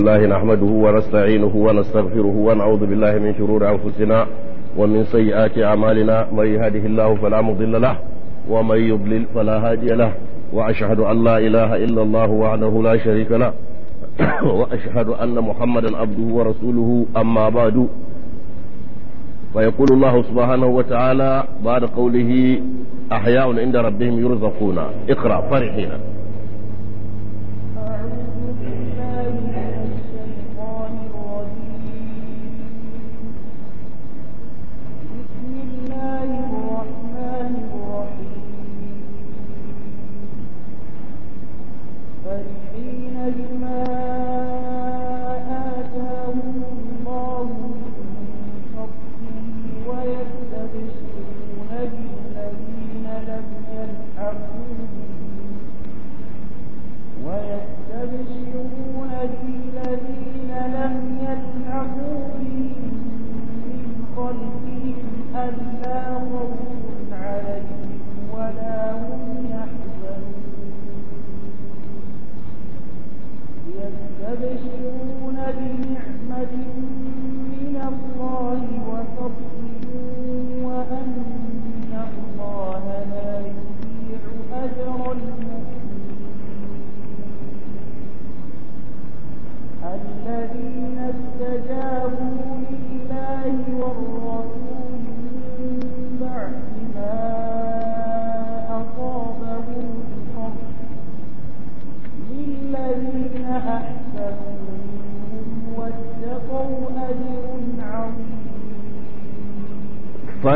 الله نحمده ونستعينه ونستغفره ونعوذ بالله من شرور أنفسنا ومن سيئات أعمالنا من يهده الله فلا مضل له ومن يضلل فلا هادي له وأشهد أن لا إله إلا الله وحده لا شريك له وأشهد أن محمدا عبده ورسوله أما بعد فيقول الله سبحانه وتعالى بعد قوله أحياء عند ربهم يرزقون اقرأ فرحينا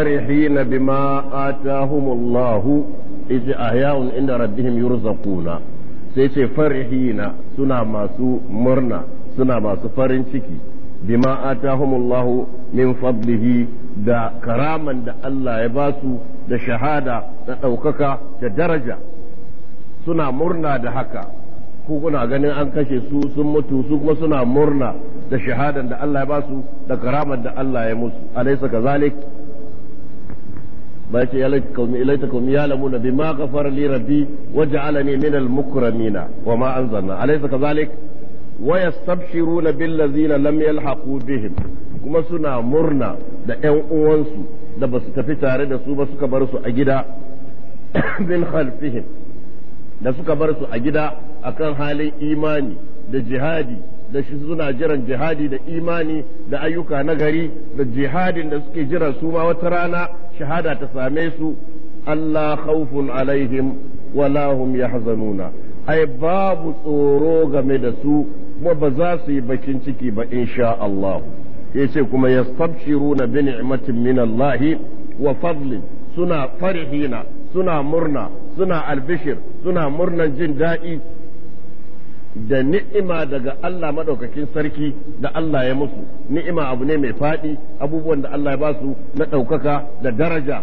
farihina bima atahumullahu ita ahyaun inda rabbihim yurzaquna sai ce farihina suna masu murna suna masu farin ciki bima atahumullahu min fadlihi da karaman da Allah ya ba su da shahada da ɗaukaka da daraja suna murna da haka ku kuna ganin an kashe su sun mutu su kuma suna murna da shahadan da Allah ya ba su da karamar da Allah ya musu alaysa kazalik ba ce ilaita kaumi ya lamuna bi ma ghafara li rabbi waj'alani min al mukramina wa ma anzalna alaysa kadhalik wa yastabshiruna bil ladzina lam yalhaqu bihim kuma suna murna da ƴan uwansu da basu tafi tare da su ba suka bar su a gida min khalfihim da suka bar su a gida akan halin imani da jihadi da shi suna jiran jihadi da imani da ayyuka na gari da jihadin da suke jiran su ma wata rana shahada ta same su Allah khawfun alaihim wala hum yahzanuna ai babu tsoro game da su kuma ba za su yi bakin ciki ba insha Allah yace kuma yastabshiruna bi ni'matin min Allah wa fadlin suna farihina suna murna suna albishir suna murnan jin daɗi da ni'ima daga Allah madaukakin sarki da Allah ya musu ni'ima abu ne mai faɗi abubuwan da Allah ya ba su na ɗaukaka da daraja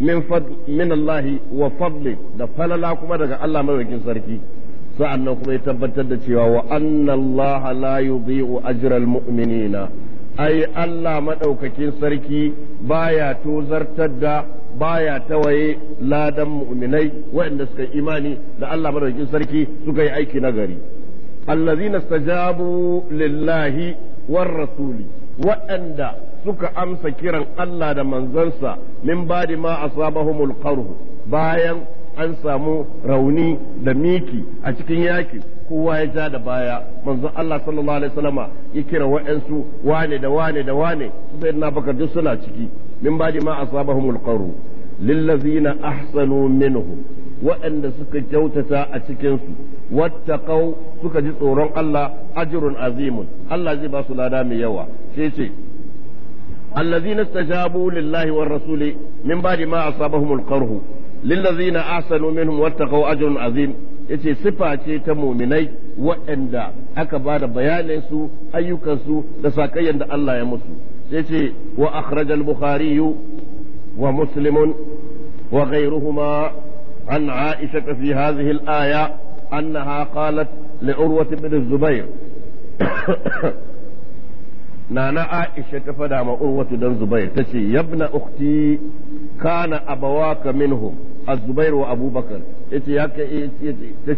min min Allah wa fadli da falala kuma daga Allah madaukakin sarki nan kuma ya tabbatar da cewa wa anna Allah la yudhi'u ajral mu'minina ai Allah madaukakin sarki baya tozartar da baya tawaye ladan mu'minai waɗanda suka imani da Allah madaukakin sarki suka yi aiki na gari allazina stajabu lillahi war rasuli waɗanda suka amsa kiran Allah da manzansa min badi ma asabahumul qarhu bayan an samu rauni da miki a cikin yaki kowa ya ja da baya manzon Allah sallallahu alaihi wasallama ya kira waɗansu wane da wane da wane sai na bakar duk suna ciki min ba'di ma asabahumul qarru lillazina ahsanu minhum waɗanda suka kyautata a cikinsu wattaqau suka ji tsoron Allah ajrun azimun Allah zai ba su lada mai yawa sai ce allazina stajabu lillahi war rasuli min ba'di ma asabahumul qarhu lillazina ahsanu minhum wattaqau ajrun azim yace sifa ce ta muminai waɗanda aka ba da bayanin su ayyukan su da sakayyan da Allah ya musu المحدث وأخرج البخاري ومسلم وغيرهما عن عائشة في هذه الآية أنها قالت لعروة بن الزبير نانا عائشة فدا ما أروة بن الزبير تشي يا ابن أختي كان أبواك منهم الزبير وأبو بكر ce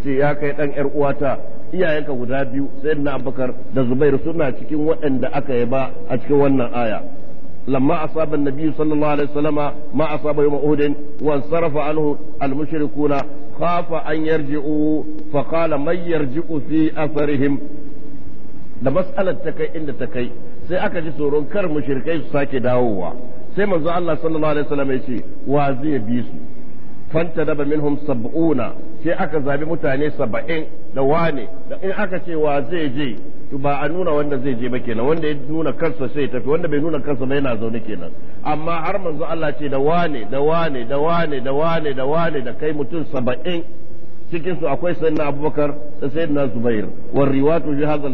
ya kai ɗan yar uwata iyayenka guda biyu sayyidina abubakar da zubairu suna cikin waɗanda aka yaba a cikin wannan aya لما nabi النبي صلى الله عليه وسلم ما أصاب يوم أهد وانصرف عنه المشركون an أن يرجعوا فقال من يرجع في أثرهم da mas'alar ta kai inda ta kai sai aka ji tsoron kar mushrikai su sake dawowa sai manzo Allah sallallahu alaihi wasallam ya ce wa zai bi su fanta daba minhum sab'una sai aka zabi mutane saba'in da wane da in aka ce wa zai je to ba a nuna wanda zai je ba kenan wanda ya nuna kansa sai tafi wanda bai nuna kansa ba yana zaune kenan amma har manzo Allah ce da wane da wane da wane da wane da kai mutum saba'in cikin su akwai sayyidina abubakar da sayyidina zubair wal riwatu fi hadha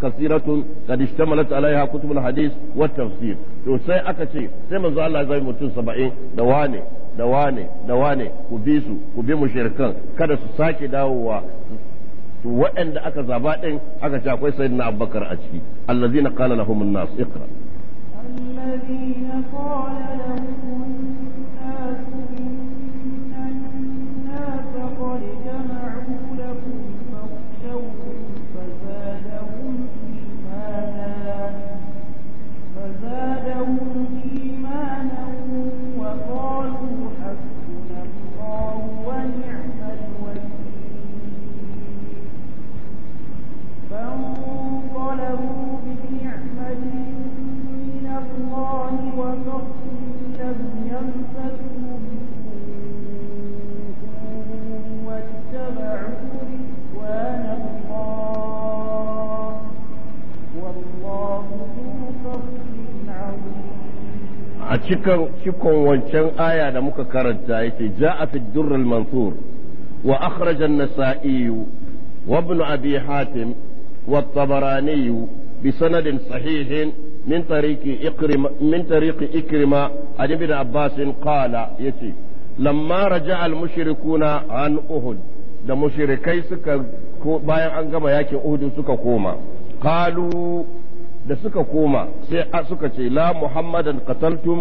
kasiratun qad ishtamalat alaiha kutub al hadith wa tafsir to sai aka ce sai manzo Allah zai mutum 70 da wane da wane da wane ku bi su ku bi mushirkan kada su sake dawowa to waɗanda aka zaba ɗin aka ce akwai sayyidina abubakar a ciki allazina qala lahumun nas iqra allazina qala cikon wancan aya da muka karanta yace ja'a fi durrul mansur wa akrajan an-nasa'i wa ibn abi hatim wa at-tabarani bi sanadin sahihin min tariqi ikrima min tariqi ikrima an ibn yace lamma raja'a al-mushrikuna an uhud da mushrikai suka bayan an gama yakin uhud suka koma qalu da suka koma sai suka ce la muhammadan qataltum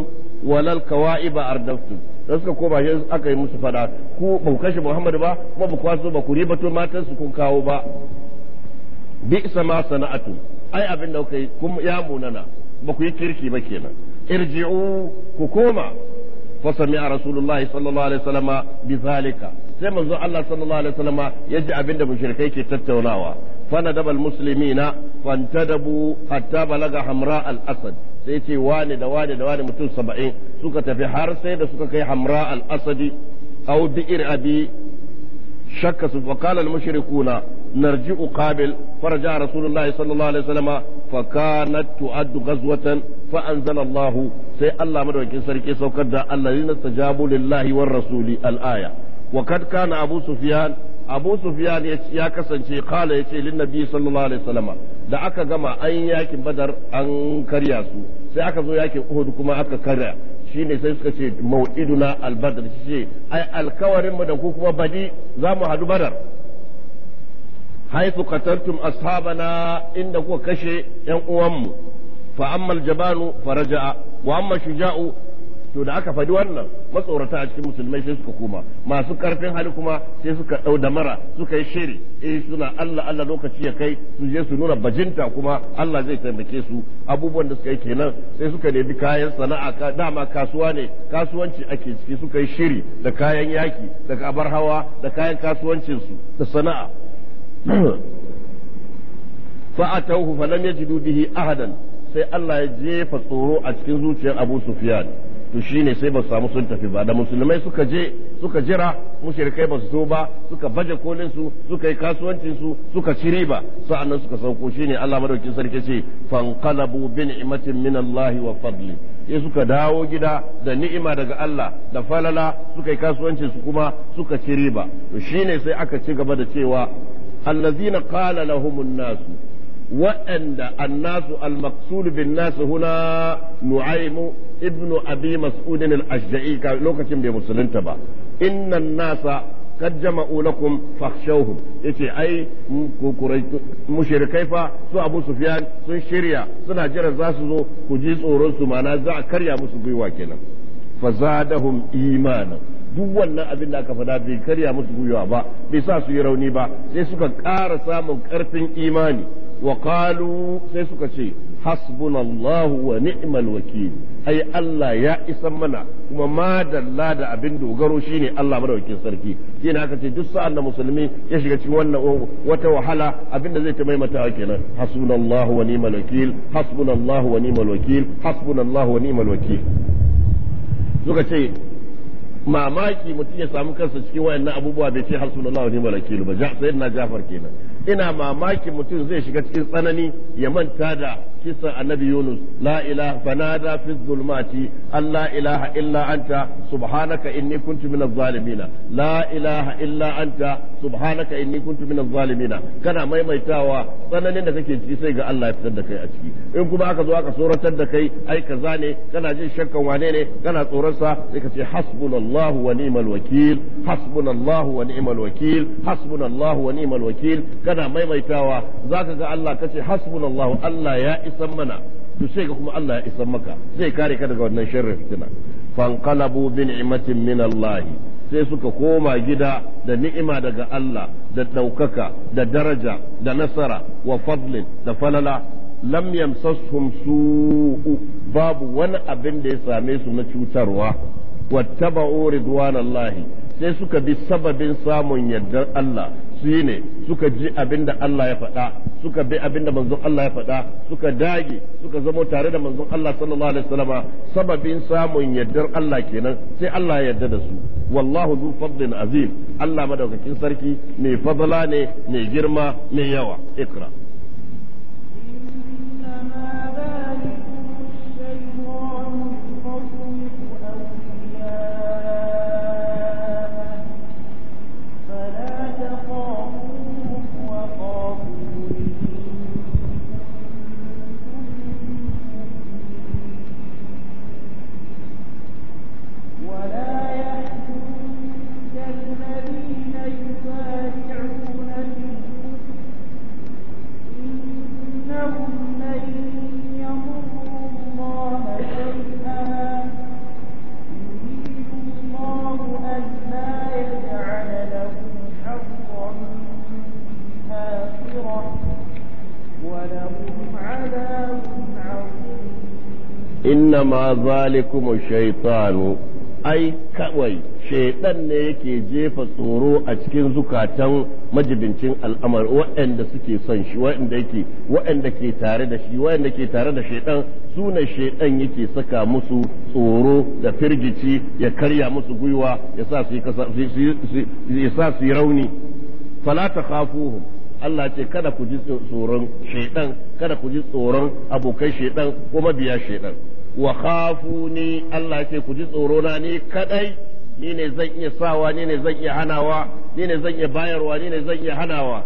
walal kawa'iba ardaftum da suka koma sai aka yi musu fada ku ba ku kashe muhammad ba kuma ba ku kwaso ba ku ribato matan su kun kawo ba bi ma sana'atu ai abin da kuka yi kun ya munana ba ku yi kirki ba kenan irji'u ku koma fa sami'a rasulullahi sallallahu alaihi wasallama bi zalika sai manzo Allah sallallahu alaihi wasallama yaji abin da mushrikai ke tattaunawa فندب المسلمين فانتدبوا حتى بلغ حمراء الأسد سيتي واني دواني دواني متون سبعين سكة في حار سيدة سكة كي حمراء الأسد أو بئر أبي شك وقال المشركون نرجع قابل فرجع رسول الله صلى الله عليه وسلم فكانت تؤد غزوة فأنزل الله سي الله مدوكي سركي سوكدا الذين استجابوا لله والرسول الآية وقد كان أبو سفيان abu sufyan ya kasance kala ya ce linnabi sallallahu alaihi wasallama da aka gama an yakin badar an karya su sai aka zo yakin uhud kuma aka karya shine sai suka ce mau'iduna albadar shi ce ai alkawarin mu da ku kuma badi za mu hadu badar haythu qataltum ashabana inda kuka kashe yan uwanmu fa amma aljabanu faraja'a wa amma shuja'u to da aka faɗi wannan matsorata a cikin musulmai sai suka koma masu karfin hali kuma sai suka ɗau da mara suka yi shiri eh suna Allah Allah lokaci ya kai su je su nuna bajinta kuma Allah zai taimake su abubuwan da suka yi kenan sai suka nemi kayan sana'a dama kasuwa ne kasuwanci ake ciki suka yi shiri da kayan yaki da kabar hawa da kayan kasuwancin su da sana'a fa'atauhu falam yajidu bihi ahadan sai Allah ya jefa tsoro a cikin zuciyar Abu Sufyan to ne sai ba su samu sun tafi ba da musulmai suka je suka jira mushrikai ba su zo ba suka baje kolin su suka yi kasuwancin su suka ci riba sa'annan suka sauko shine Allah madaukakin sarki ce fanqalabu bi ni'matin min Allah wa fadli sai suka dawo gida da ni'ima daga Allah da falala suka yi kasuwancin su kuma suka ci riba to shine sai aka ci gaba da cewa allazina qala lahumun nasu waɗanda annasu al-maqsul bin nasu huna nu'aymu ibnu abi mas'udin al-ashja'i lokacin bai musulunta ba innan nasa kad jama'u lakum fakhshawhum yace ai mushrikai kaifa su Abu Sufyan sun shirya suna jira za su zo ku ji tsoron su mana za a karya musu gwiwa kenan fazadahum imanan duk wannan abin da aka faɗa bai karya musu gwiwa ba bai sa su yi rauni ba sai suka ƙara samun ƙarfin imani Wakalu sai suka ce hasbunallahu wa ni'mal wakil ai Allah ya isa mana kuma ma da abin dogaro shine Allah madaukakin sarki shine aka ce duk sa'an da musulmi ya shiga cikin wannan wata wahala abin da zai ta maimaitawa kenan hasbunallahu wa ni'mal wakil hasbunallahu wa ni'mal wakil hasbunallahu wa ni'mal wakil ce mamaki mutum ya samu kansa cikin wayannan abubuwa bai ce har sunan Allah ne malakilu ba sayyidina Jafar kenan ina mamaki mutum zai shiga cikin tsanani ya manta da kisan annabi yunus la ilaha fanada fi zulmati alla ilaha illa anta subhanaka inni kuntu minaz zalimin la ilaha illa anta subhanaka inni kuntu minaz zalimin kana maimaitawa tsananin da kake ciki sai ga Allah ya fitar da kai a ciki in kuma aka zo aka tsoratar da kai ai kaza ne kana jin shakkan wane ne kana tsoron sa sai ka ce hasbunallahu wa ni'mal wakil hasbunallahu wa ni'mal wakil hasbunallahu wa ni'mal wakil kana maimaitawa zaka ga Allah kace hasbunallahu Allah ya isan mana to sai ga kuma Allah ya isan maka zai kare ka daga wannan sharrin fitina fanqalabu bi ni'matin min Allah sai suka koma gida da ni'ima daga Allah da ɗaukaka da daraja da nasara wa fadlin da falala lam yamsashum su'u babu wani abin da ya same su na cutarwa wattaba'u ridwanallahi sai suka bi sababin samun yardar Allah su ne suka ji abin da Allah ya faɗa suka bi abin da manzon Allah ya faɗa suka dage suka zama tare da manzon Allah sallallahu alaihi wasallama sababin samun yardar Allah kenan sai Allah ya yarda da su wallahu zu fadlin azim Allah madaukakin sarki mai fadla ne mai girma mai yawa ikra innama zalikum shaytanu ai kawai shaiɗan ne yake jefa tsoro a cikin zukatan majibincin al'amar waɗanda suke son shi waɗanda yake waɗanda ke tare da shi waɗanda ke tare da shaidan su ne yake saka musu tsoro da firgici ya karya musu gwiwa ya sa su yi rauni fala khafuhum Allah ce kada ku ji tsoron shaidan kada ku ji tsoron abokai shaiɗan ko mabiya shaiɗan. wa ni Allah ce ku ji tsoro na ni kadai ni ne zan iya sawa ni ne zan iya hanawa ni ne zan iya bayarwa ni ne zan iya hanawa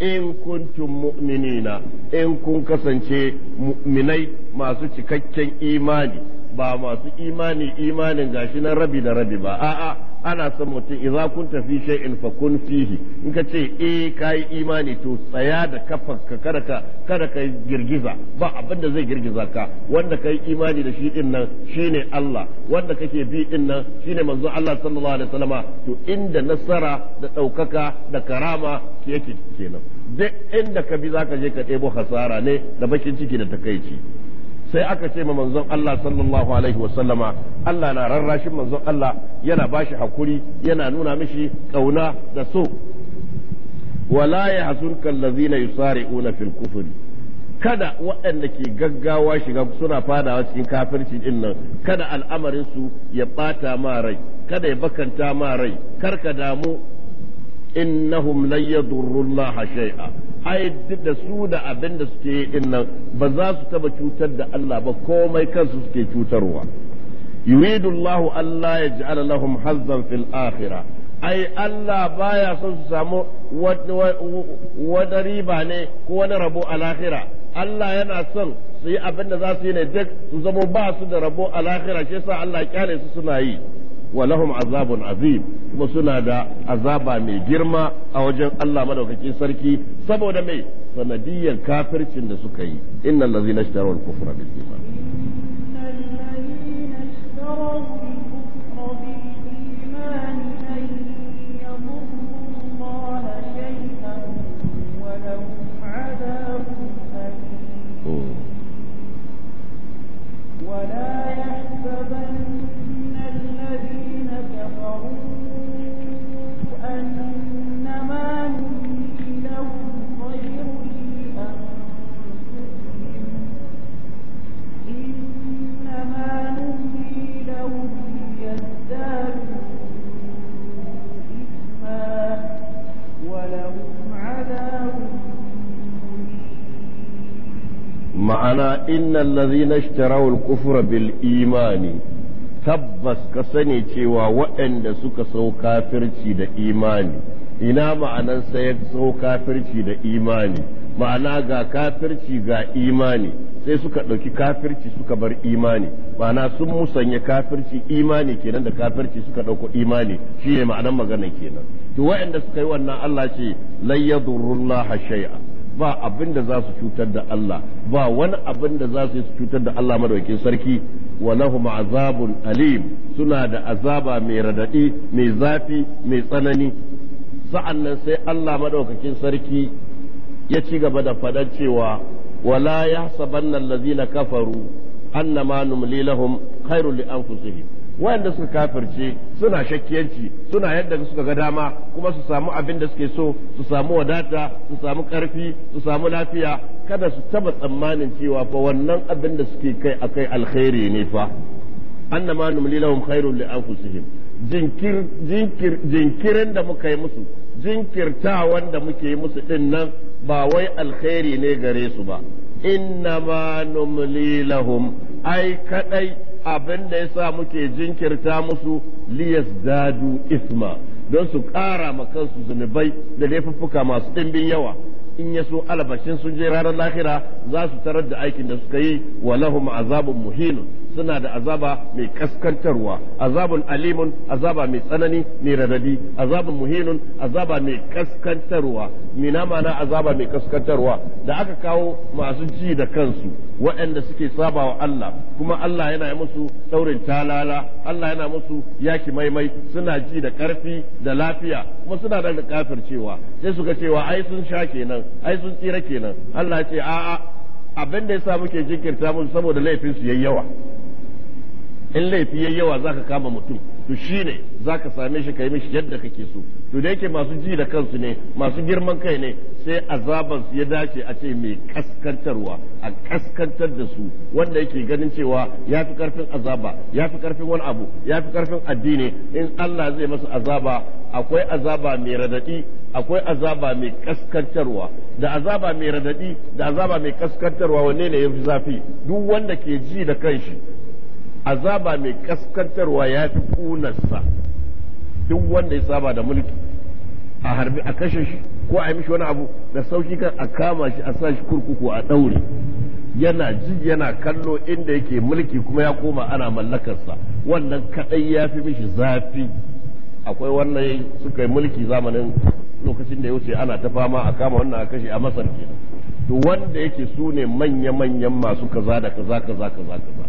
in kuntum mu'minina in kun kasance mu'minai masu cikakken imani ba masu imani imanin gashi na rabi da rabi ba a'a ana son mutum idza kunta fi shay'in fa kun fihi in ka ce eh kai imani to tsaya da ka kada ka kada ka girgiza ba abinda zai girgiza ka wanda kai imani da shi din nan shine Allah wanda kake bi din nan shine manzo Allah sallallahu alaihi wasallama to inda nasara da daukaka da karama yake kenan duk inda ka bi zaka je ka ɗebo hasara ne da bakin ciki da takaici sai aka ce ma manzon Allah sallallahu alaihi wasallama Allah na rarrashin manzon Allah yana bashi hakuri yana nuna mishi kauna da so wala ya yahzunka allazina yusari'una fil kufri kada waɗanda ke gaggawa shiga suna fadawa cikin kafirci din nan kada al'amarin su ya bata ma rai kada ya bakanta ma rai kar ka damu innahum lan yadurrullaha shay'a ai da su da abin da suke din nan ba za su taba cutar da Allah ba komai kansu suke cutarwa yuridu Allah Allah yaj'ala lahum hazzan fil akhirah ai Allah baya son su samu wata riba ne ko wani rabo a lahira Allah yana son su yi abin da za su yi ne duk su zamo ba su da rabo a lahira shi yasa Allah kyale su suna yi wa lahum azabun azim kuma suna da azaba mai girma a wajen Allah madaukakin sarki saboda mai sanadiyyar kafircin da suka yi innal ladzina ishtarawal kufra bil iman cewa الذين اشتروا الكفر al-kufra bil imani tabbas ka sani cewa waɗanda suka sau kafirci da imani ina ma'anan sai sau kafirci da imani ma'ana ga kafirci ga imani sai suka ɗauki kafirci suka bar imani ma'ana sun musanya kafirci imani kenan da kafirci suka ɗauko imani shi ne ma'anar magana kenan to waɗanda suka yi wannan Allah ce la yadurrullaha shay'a ba abin da za su cutar da Allah ba wani abin da za su cutar da Allah madaukin sarki wa lahum azabun alim suna da azaba mai radadi mai zafi mai tsanani sa'annan sai Allah madaukakin sarki ya ci gaba da fadan cewa wala yahsabanna allazina kafaru annama numli lahum khairu li anfusihim wayanda suka kafirce suna shakkiyanci suna yadda suka ga dama kuma su samu abin da suke so su samu wadata su samu karfi su samu lafiya kada su taba tsammanin cewa fa wannan abin da suke kai akai alkhairi ne fa annama numli lahum khairul li anfusihim jinkir jinkir jinkirin da muka yi musu jinkirtawan da muke yi musu din nan ba wai alkhairi ne gare su ba innama numli lahum ai kadai abin da ya sa muke jinkirta musu liyas dadu isma don su ƙara ma kansu zunubai da laifuffuka masu ɗimbin yawa in ya so albashin sun je ranar lahira za su tarar da aikin da suka yi wa lahum azabun muhinun suna da azaba mai kaskantarwa azabun alimun azaba mai tsanani mai radadi azabun muhinun azaba mai kaskantarwa mina mana azaba mai kaskantarwa da aka kawo masu ji da kansu waɗanda suke sabawa Allah kuma Allah yana musu daurin talala Allah yana musu yaki maimai suna ji da ƙarfi da lafiya kuma suna da cewa sai suka cewa ai sun sha kenan ai sun tsira kenan Allah ya ce a'a abin da ya sa muke jinkirta musu saboda laifinsu su yayi yawa in laifi ya yawa ka kama mutum to shi ne za ka same shi kai mishi yadda kake so to da yake masu ji da kansu ne masu girman kai ne sai azaban su ya dace a ce mai kaskantarwa a kaskantar da su wanda yake ganin cewa ya fi karfin azaba ya fi karfin wani abu ya fi karfin addini in Allah zai masa azaba akwai azaba mai radadi akwai azaba mai kaskantarwa da azaba mai radadi da azaba mai kaskantarwa wanne ne yafi zafi duk wanda ke ji da kanshi azaba mai kaskantarwa ya fi kunarsa duk wanda ya saba da mulki a harbi a kashe shi ko a yi mishi wani abu da sauki kan a kama shi a sa shi kurkuku a ɗaure yana ji yana kallo inda yake mulki kuma ya koma ana mallakarsa wannan kaɗai ya fi mishi zafi akwai wannan suka yi mulki zamanin lokacin da ya wuce ana ta fama a kama wannan a kashe a masar kenan to wanda yake su ne manya-manyan masu kaza da kaza kaza kaza kaza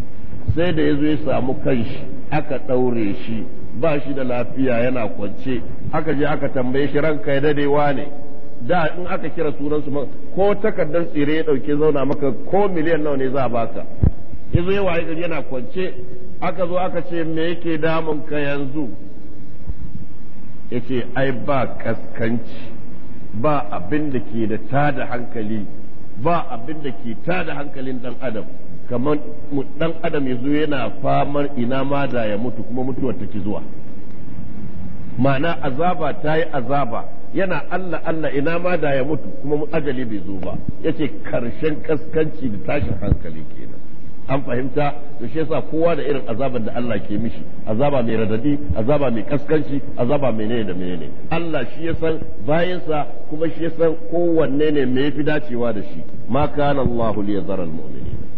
sai da ya zo ya samu kanshi aka ɗaure shi ba shi da lafiya yana kwance aka je aka tambaye shi ranka ya dadewa ne da in aka kira sunansu ko takardar tsire ya ɗauke zauna maka ko miliyan nawa ne za a baka ya zo ya waye gari yana kwance aka zo aka ce me yake damun ka yanzu ya ce ai ba kaskanci ba abin da ke da tada hankali ba abin da ke tada hankalin dan adam kamar dan adam ya zo yana famar ina ma da ya mutu kuma mutuwar ta zuwa ma'ana azaba tayi azaba yana Allah Allah ina ma da ya mutu kuma ajali bai zo ba yace karshen kaskanci da tashin hankali kenan an fahimta to shi yasa kowa da irin azaban da Allah ke mishi azaba mai radadi azaba mai kaskanci azaba mai ne da menene Allah shi ya san bayansa kuma shi ya san kowanne ne me yafi dacewa da shi ma kana Allahu liyazara al-mu'minin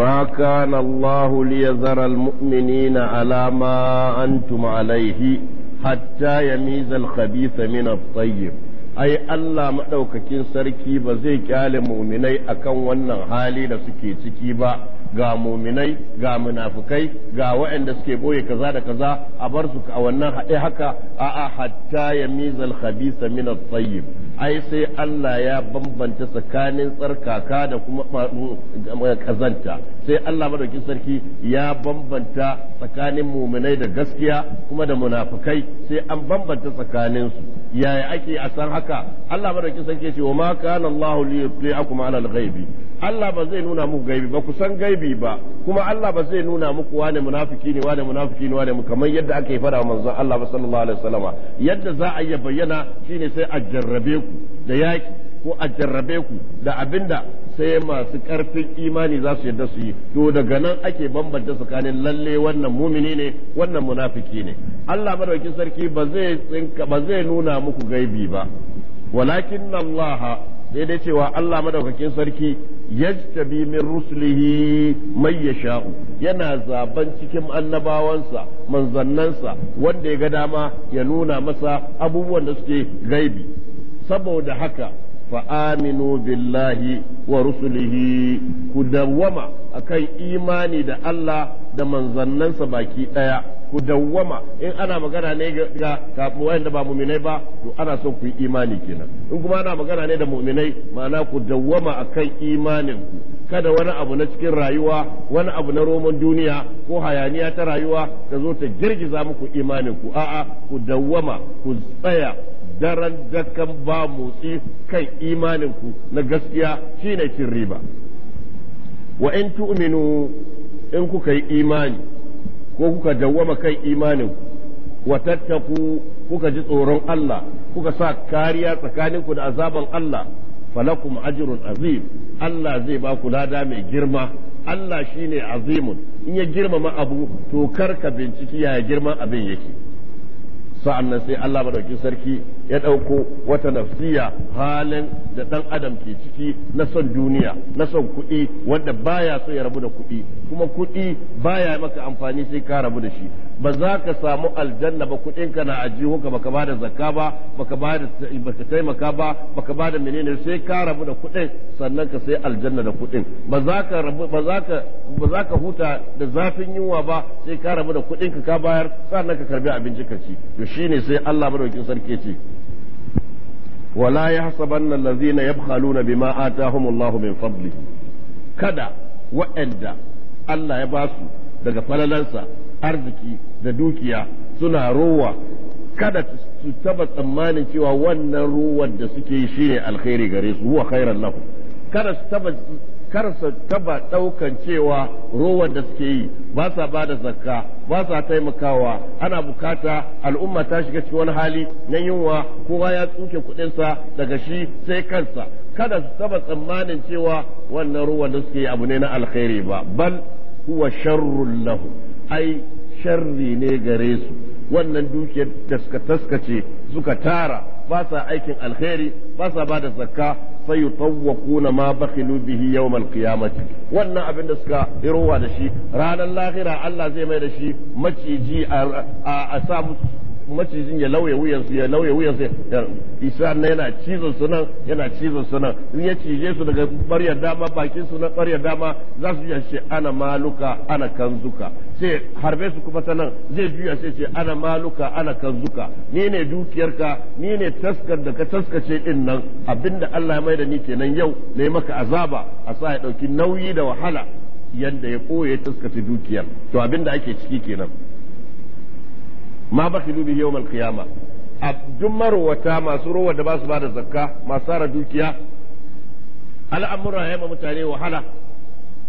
Rakanallahu liyazarar Allah liyazara al-mu'minina hatta yamiza al-khabitha min at-tayyib Allah maɗaukakin sarki ba zai kyale mu'minai akan wannan hali da suke ciki ba ga muminai ga munafukai ga waɗanda suke boye kaza da kaza a bar su a wannan haɗe haka a'a hatta ya mizal khabisa min ai sai Allah ya bambanta tsakanin tsarkaka da kuma kazanta sai Allah madaukin sarki ya bambanta tsakanin muminai da gaskiya kuma da munafukai sai an bambanta tsakanin su yaya ake a san haka Allah madaukin sarki ce wa ma kana Allah li yutli'akum ala al-ghaibi Allah ba zai nuna muku gaibi ba ku san gaibi ba kuma Allah ba zai nuna muku wane munafiki ne wane munafiki ne wane kamar yadda aka yi fada manzon Allah sallallahu alaihi wasallama yadda za a yi bayyana shine sai a jarrabe ku da yaki ko a jarrabe ku da abinda sai masu karfin imani za su yadda su yi to daga nan ake bambanta tsakanin lalle wannan mumini ne wannan munafiki ne Allah madaukakin sarki ba zai tsinka ba zai nuna muku gaibi ba walakin Allah sai dai cewa Allah madaukakin sarki yajtabi min rusulihi mai ya sha'u yana zaben cikin annabawansa manzannansa wanda ya ga dama ya nuna masa abubuwan da suke gaibi saboda haka fa’aminu billahi wa rusulihi ku dawwama a kan imani da Allah da manzannansa baki ɗaya ku dawwama in ana magana ne ga kafuwa da ba muminai ba to ana so kuyi imani kenan in kuma ana magana ne da muminai ma'ana ku dawwama a kan imaninku kada wani abu na cikin rayuwa wani abu na roman duniya ko hayaniya ta rayuwa ta zo ta girgiza muku imaninku a'a ku dawwama ku tsaya daren dakan ba motsi kan imaninku na gaskiya shine cin riba wa in tu'minu in kuka yi imani ko kuka dawwama kan imaninku wa tattaku kuka ji tsoron Allah kuka sa kariya tsakaninku da azaban Allah falakum ajrun azim Allah zai ba ku lada mai girma Allah shine azimun in ya girmama abu to karka binciki ya girman abin yake sa'annan sai Allah madaukin sarki ya ɗauko wata nafsiya halin da ɗan adam ke ciki na son duniya na son kuɗi wanda baya so ya rabu da kuɗi kuma kuɗi baya maka amfani sai ka rabu da shi ba za ka samu aljanna ba kuɗinka na ajihuka baka ba da zakka ba baka ba da baka taimaka ba baka ba da menene sai ka rabu da kuɗin sannan ka sai aljanna da kuɗin ba za ka rabu ba za ka ba za ka huta da zafin yunwa ba sai ka rabu da kuɗinka ka bayar sannan ka karbi abinci ka ci to shine sai Allah madaukin sarki ce wala ya na allazina yabkhaluna bima atahumullahu min fadli kada waɗanda Allah ya basu daga falalansa arziki da dukiya suna rowa kada su taɓa tsammanin cewa wannan ruwan da suke yi shine alkhairi gare su huwa khairan lahum kada su taba kar su taba ɗaukan cewa rowar da suke yi ba sa ba da zakka ba sa taimakawa ana bukata al'umma ta shiga cikin wani hali na yunwa kowa ya tsuke kuɗinsa daga shi sai kansa kada su taba tsammanin cewa wannan rowar da suke yi abu ne na alkhairi ba bal huwa sharrun lahu ai sharri ne gare su wannan dukiyar da suka taskace suka tara ba sa aikin alkhairi ba sa ba da zakka sai yutawwaquna ma bakhilu bihi yawm alqiyamah wannan abin da suka irowa da shi ranar lahira Allah zai mai da shi maciji a sa musu macijin ya lauya wuyansu ya lauya wuyansu isa na yana cizon sunan yana cizon su in ya cije su daga ɓaryar dama bakin su na ɓaryar dama za su ce ana maluka ana kanzuka sai harbe su kuma ta nan zai juya sai ce ana maluka ana kanzuka ni ne dukiyarka ni ne taskar da ka taskace din nan abinda Allah ya mai da ni kenan yau na yi maka azaba a sa ya ɗauki nauyi da wahala yadda ya koye taskace dukiyar to abinda ake ciki kenan ma bakhilu bihi kiyama a duk marowata masu rowa da ba su bada zakka masu tsara dukiya al'amura ya ma mutane wahala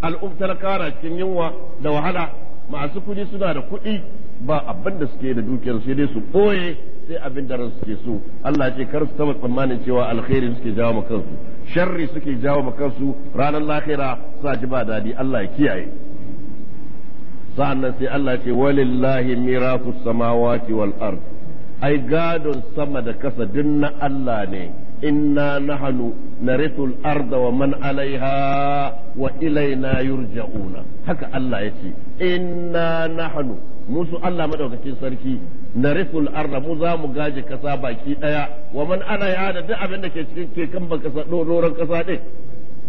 al'umtar kara cikin yunwa da wahala masu kudi suna da kudi ba abinda suke da dukiyar sai dai su ɓoye sai abin da ransu ke so Allah ce kar su taba tsammanin cewa alkhairi suke jawo ma kansu sharri suke jawo ma kansu ranar lahira sa ji ba dadi Allah ya kiyaye sa'annan sai Allah ce walillahi mirasu samawati wal ard ai gadon sama da kasa din na Allah ne inna nahnu narithul arda wa man alaiha wa ilaina yurja'una haka Allah yace inna nahnu musu Allah madaukakin sarki narithul arda mu za mu gaje kasa baki daya wa man alaiha da duk abin da ke cikin kekan kan baka doron kasa din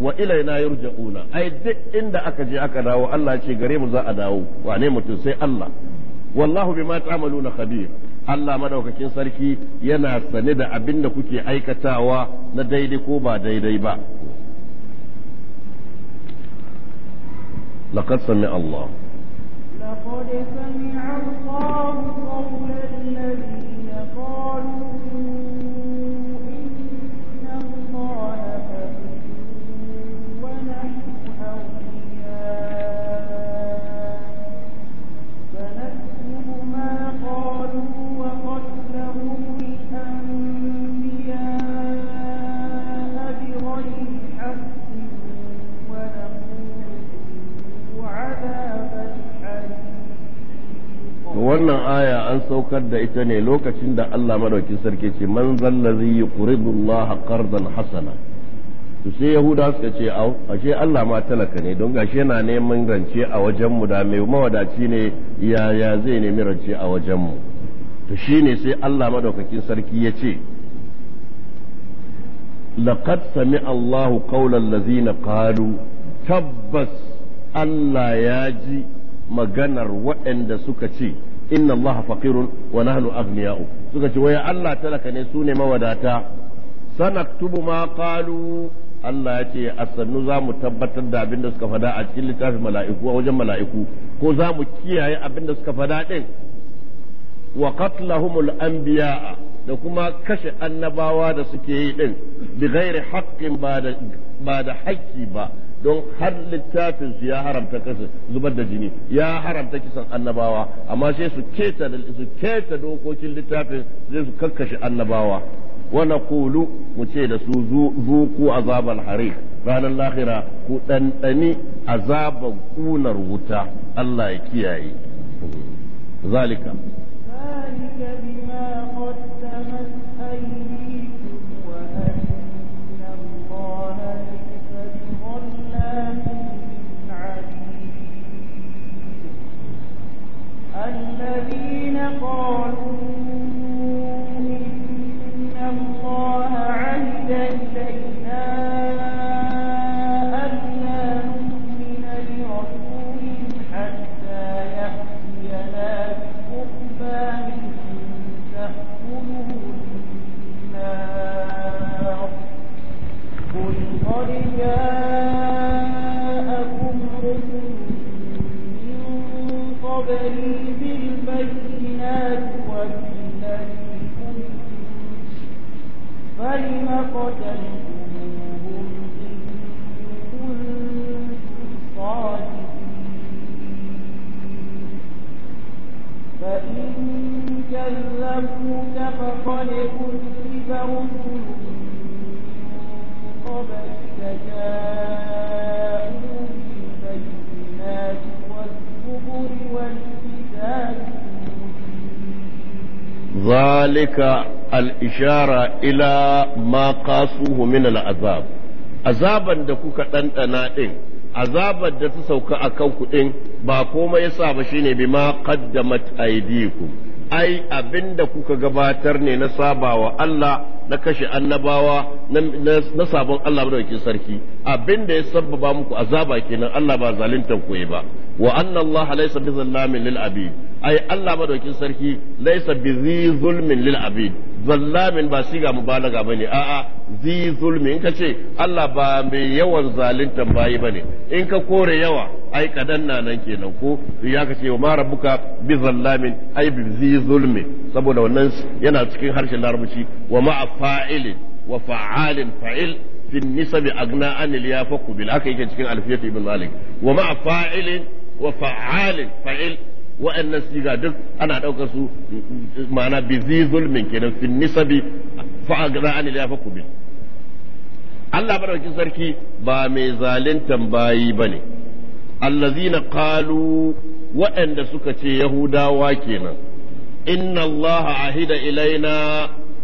wa ilaina yurja'una ai duk inda aka je aka dawo Allah ce gare mu za a dawo wane mutum sai Allah wallahu bima ta'maluna khabir Allah madaukakin sarki yana sane da abin da kuke aikatawa na daidai ko ba daidai ba laqad sami Allah laqad sami Allah wannan aya an saukar da ita ne lokacin da Allah madaukin sarki ce man zallazi yuqridu Allah qardan hasana to sai yahuda suka ce au ashe Allah ma talaka ne don gashi yana neman rance a wajen mu da mai mawadaci ne yaya zai nemi rance a wajen mu to shine sai Allah madaukakin sarki ya ce laqad sami'a الله na الذين qalu tabbas Allah ya ji maganar waɗanda suka ce inna Allah faqirun wa nahnu aghniya'u suka ce waya Allah talaka ne su ne mawadata sanaktubu ma qalu Allah ya ce a za mu tabbatar da abin da suka fada a cikin littafin mala'iku a wajen mala'iku ko za mu kiyaye abin da suka fada din wa qatlahumul anbiya'a da kuma kashe annabawa da suke yi din bi ghairi haqqin ba da ba da haƙƙi ba don har littafin su ya haramta kasa zubar da jini ya haramta kisan annabawa amma sai su keta su keta dokokin littafin zai su kakkashe annabawa wa naqulu mu ce da su zuku azabal hari ranar lahira ku ɗanɗani azaban ƙunar wuta Allah ya kiyaye zalika الذين قالوا إن الله عهد إلينا ألا نؤمن لرسول حتى يأتينا بقربان تأكله النار قل قد جاءكم رسل من قبلي السيئات والذي كنتم فلم قتلتموهم إن كنتم صادقين فإن كذبوك فقد كذب رسل من قبلك جاءوا zalika al-ishara ila ma qasuhu min al-azab azaban da kuka ɗanɗana ɗin azabar da ta sauka a kan kuɗin ba komai yasa ba shine bima qaddamat aydikum ai abinda kuka gabatar ne na sabawa Allah na kashe annabawa na sabon Allah madaukakin sarki abinda ya sabbaba muku azaba kenan Allah ba zaluntar ku ba wa anna Allah laysa bi lil abid ai Allah madaukakin sarki laysa bi zulmin lil abid zallamin ba siga mubalaga bane a'a zi zulmi in ka ce Allah ba mai yawan zaluntan bayi bane in ka kore yawa ai kadan na nan kenan ko ya ka ce ma rabbuka bi zallamin ai bi zi zulmi saboda wannan yana cikin harshen larabci wa ma fa'ilin wa fa'alin fa'il fi nisabi agna liya yafaku bil aka yake cikin alfiyatu ibn malik wa ma fa'ilin wa fa'alin fa'il wa'annan siga duk ana ɗaukar su ma'ana bizi zulmin kenan fin nisabi fa'agra an ila fakubin Allah madaukakin sarki ba mai zalintan bayi bane na qalu wa'anda suka ce yahudawa kenan inna Allah ahida ilaina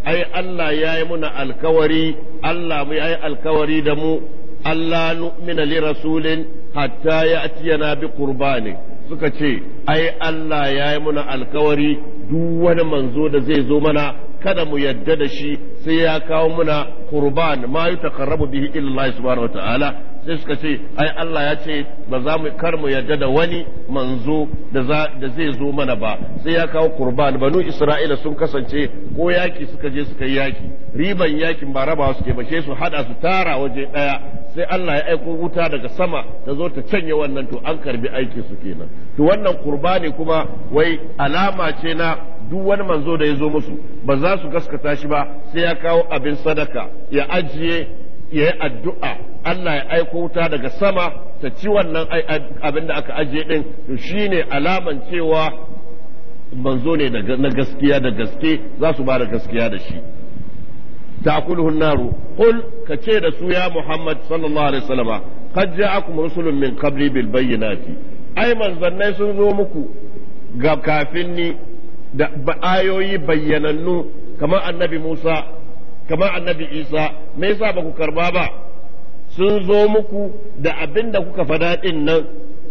ai Allah ya yi muna alkawari Allah mu yi alkawari da mu Allah nu'mina li rasulin hatta ya'tiyana bi qurbani suka ce ai Allah ya yi muna alkawari duk wani manzo da zai zo mana kada mu yadda da shi sai ya kawo muna qurban ma yutaqarrabu bihi illa Allah subhanahu wa sai suka ce ai Allah ya ce ba za mu kar mu yarda da wani manzo da zai zo mana ba sai ya kawo qurban banu Isra'ila sun kasance ko yaki suka je suka yi yaki riban yakin ba rabawa suke ba sai su hada su tara waje daya sai Allah ya aiko wuta daga sama ta zo ta canye wannan to an karbi aiki su kenan to wannan kurbani kuma wai alama ce na duk wani manzo da ya zo musu ba za su gaskata shi ba sai ya kawo abin sadaka ya ajiye ya yi addu'a Allah ya aiko wuta daga sama ta ci wannan abin da aka ajiye ɗin to shi ne alaman cewa manzo ne na gaskiya da gaske za su ba da gaskiya da shi Ta takulhun naru qul ka ce da su ya muhammad sallallahu alaihi wasallama qad ja'akum rusulun min qabli bil bayyinati ai manzannai sun zo muku ga kafin ni da ayoyi bayyanannu kamar annabi musa Kama annabi isa me yasa ba ku karba ba sun zo muku da abinda kuka faɗa ɗin nan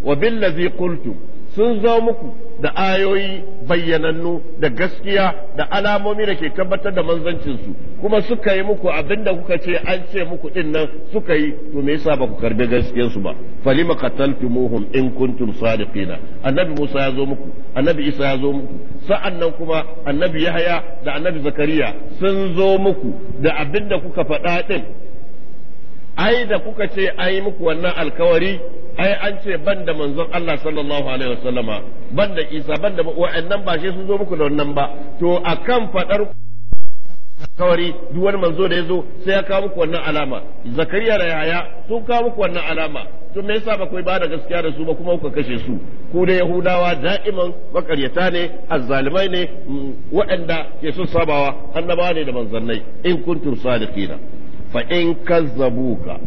wa billazi qultu sun zo muku da ayoyi bayyanannu da gaskiya da alamomi da ke tabbatar da manzancinsu kuma suka yi muku abin da kuka ce an ce muku din nan suka yi to me yasa ba ku karbi su ba falima qataltumuhum in kuntum sadiqina annabi Musa ya zo muku annabi Isa ya zo muku sa'annan kuma annabi Yahaya da annabi Zakariya sun zo muku da abin da kuka faɗa din ai da kuka ce ai muku wannan alkawari ai an ce ban da manzon Allah sallallahu alaihi wasallama ban da Isa ban da wa'annan ba shi sun zo muku da wannan ba to akan fadar alkawari duk wani manzo da ya zo sai ya kawo muku wannan alama zakariya da Yahaya sun kawo muku wannan alama to me yasa ba ku ba da gaskiya da su ba kuma kuka kashe su ku da yahudawa da'iman makaryata ne azzalimai ne mm, wa'anda ke sun sabawa annabawa ne da manzannai in kuntum salihina fa in kazzabuka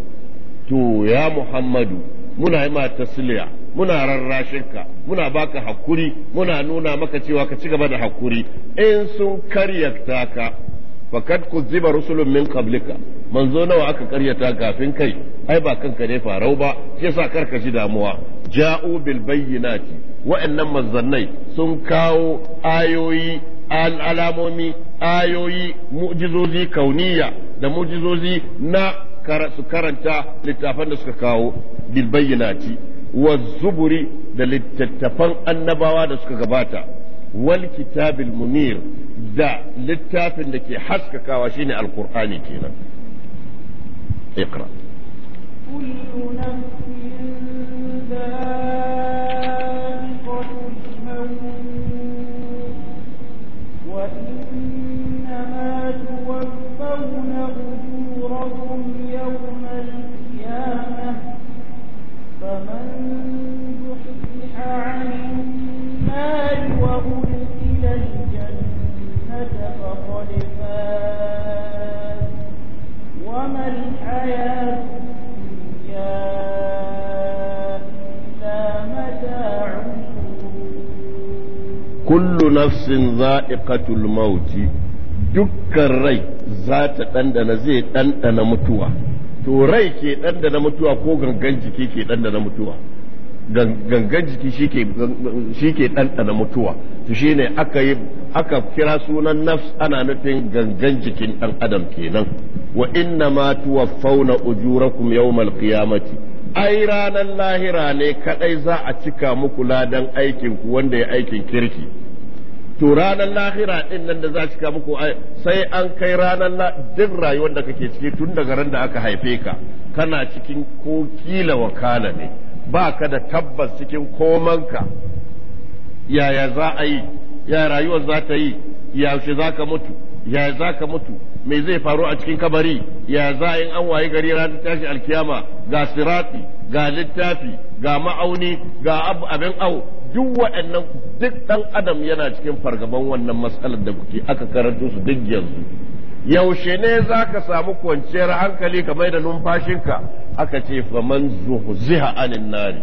to ya muhammadu muna yi ma tasliya muna rarrashinka muna baka hakuri muna nuna maka cewa ka ci gaba da hakuri in sun karyata ka ku ziba rusulun min qablika manzo nawa aka karyata kafin kai ai ba kanka ne farau ba shi yasa karka ji damuwa ja'u bil bayyinati wa'annan manzannai sun kawo ayoyi alamomi ayoyi mu'jizozi kauniya da mu'jizozi na su karanta littafan da suka kawo bilbayyanati wa zuburi da littattafan annabawa da suka gabata wal kitabil munir da littafin da ke haskakawa shine alkur'ani kenan اقرأ تجزون أجوركم يوم القيامة فمن زحزح عن النار وأدخل الجنة فقد فاز وما الحياة الدنيا إلا متاع كل نفس ذائقة الموت دك الريت za ta ɗandana zai ɗandana mutuwa to rai ke ɗandana mutuwa ko gangan jiki ke ɗandana mutuwa gangan jiki shi ke ɗanɗana mutuwa to shi ne aka kira sunan nafs ana nufin gangan jikin ɗan adam kenan wa inna ma fauna ujurakum yawmal qiyamati ai ranar lahira ne kadai za a cika muku ladan aikin ku wanda ya aikin kirki to ranar lahira din nan da za cika muku sai an kai ranar duk rayuwar da kake ciki tun daga ran da aka haife ka kana cikin ko kila wakala ne ba ka da tabbas cikin komanka yaya za a yi ya rayuwar za ta yi yaushe za ka mutu ya za ka mutu me zai faru a cikin kabari ya za in an waye gari ranar tashi alkiyama ga sirati ga littafi ga ma'auni ga abin au duk waɗannan duk ɗan adam yana cikin fargaban wannan matsalar da kuke aka karanto su duk yanzu yaushe ne za ka samu kwanciyar hankali ka mai da numfashinka aka ce faman zuhuziha anin nari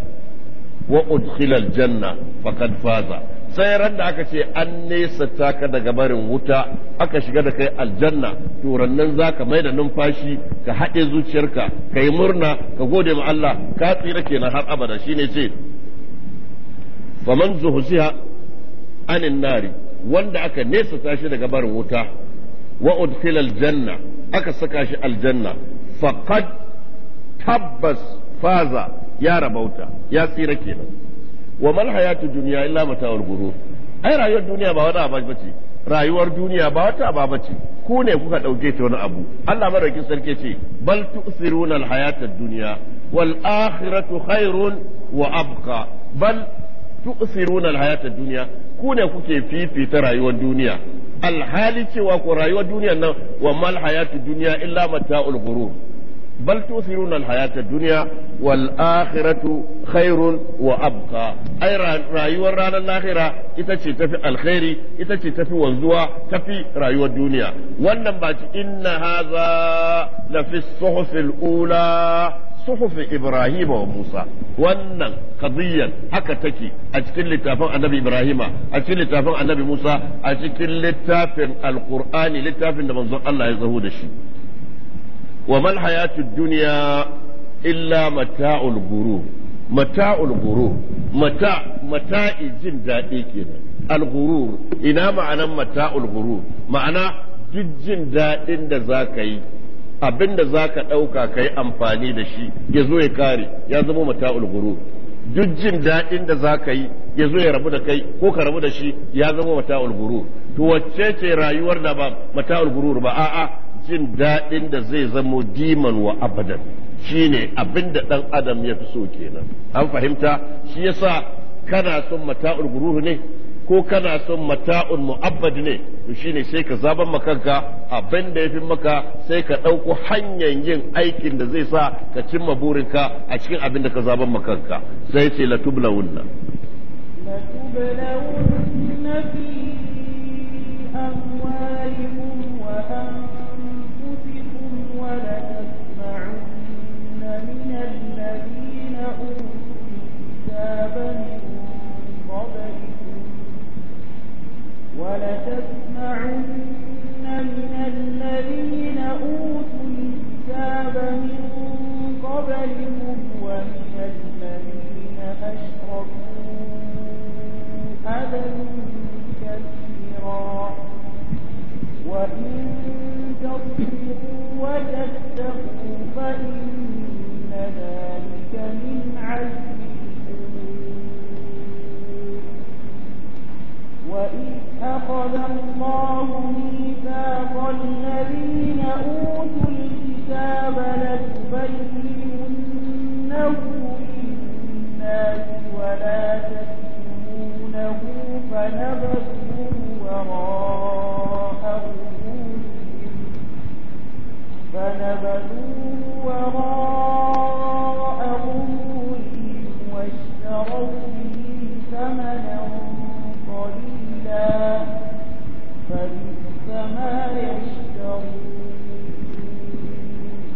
wa udkhilal janna faqad faza sai ran da aka ce an nesa taka daga barin wuta aka shiga da kai aljanna to rannan zaka mai da numfashi ka haɗe zuciyarka ka yi murna ka gode ma Allah ka tsira kenan har abada shine ce faman zuhziha anin nari wanda aka nesa tashi daga barin wuta wa udkhila aljanna aka saka shi aljanna faqad tabbas faza ya rabauta ya tsira kenan wa mal hayatu dunya illa mata'ul ghurur ai rayuwar duniya ba wata abu bace rayuwar duniya ba wata abu bace ku ne kuka dauke ta wani abu Allah madaukakin sarki ce bal tu'siruna al hayatad dunya wal akhiratu khairun wa abqa bal tu'siruna alhayata duniya ku ne kuke fifita rayuwar duniya alhali cewa ko rayuwar duniya nan wa mal duniya illa mata'ul ghurur bal tu'siruna alhayata duniya wal akhiratu khairun wa abqa ai rayuwar ranar lahira ita ce tafi alkhairi ita ce tafi wanzuwa tafi rayuwar duniya wannan ba ci inna hadha la fi suhufil ula suhufi Ibrahim wa Musa wannan qadiyyar haka take a cikin littafin Annabi Ibrahim a cikin littafin Annabi Musa a cikin littafin Alqur'ani littafin da manzon Allah ya zaho da shi wa mal hayatud dunya illa mata'ul ghurur mata'ul mata jin daɗi kenan al-ghurur ina ma'anan mata'ul ghurur ma'ana duk jin daɗin da za ka yi abin da za ka ɗauka ka yi amfani da shi ya zo ya kare ya zama mata'ul guru duk jin daɗin da za ka yi ya zo ya rabu da kai ko ka rabu da shi ya zama mata'ul guru to wacce ce rayuwar da ba mata'ul ulguru ba a'a jin daɗin da zai zama diman wa abadan shine abin da ɗan adam ya fi so kenan an fahimta shi yasa kana son mata'ul ulguru ne ko kana son mata'un mu'abbad ne to shine sai ka zaban makanka abin da yafi maka sai ka ɗauko hanyar yin aikin da zai sa ka cimma burinka a cikin abin da ka zaban makanka sai ce la tublawunna la fi amwalikum wa anfusikum wa ولتسمعن من الذين أوتوا الكتاب من قبلهم ومن الذين أشركوا أذى كثيرا وإن تصبروا وتتقوا فإن ذلك من عزم وإن أخذ الله ميثاق الذين أوتوا الكتاب لتبيننه للناس ولا تكتمونه فنبذوه وراء ظهورهم فنبذوه وراء ظهورهم واشتروا به ثمنا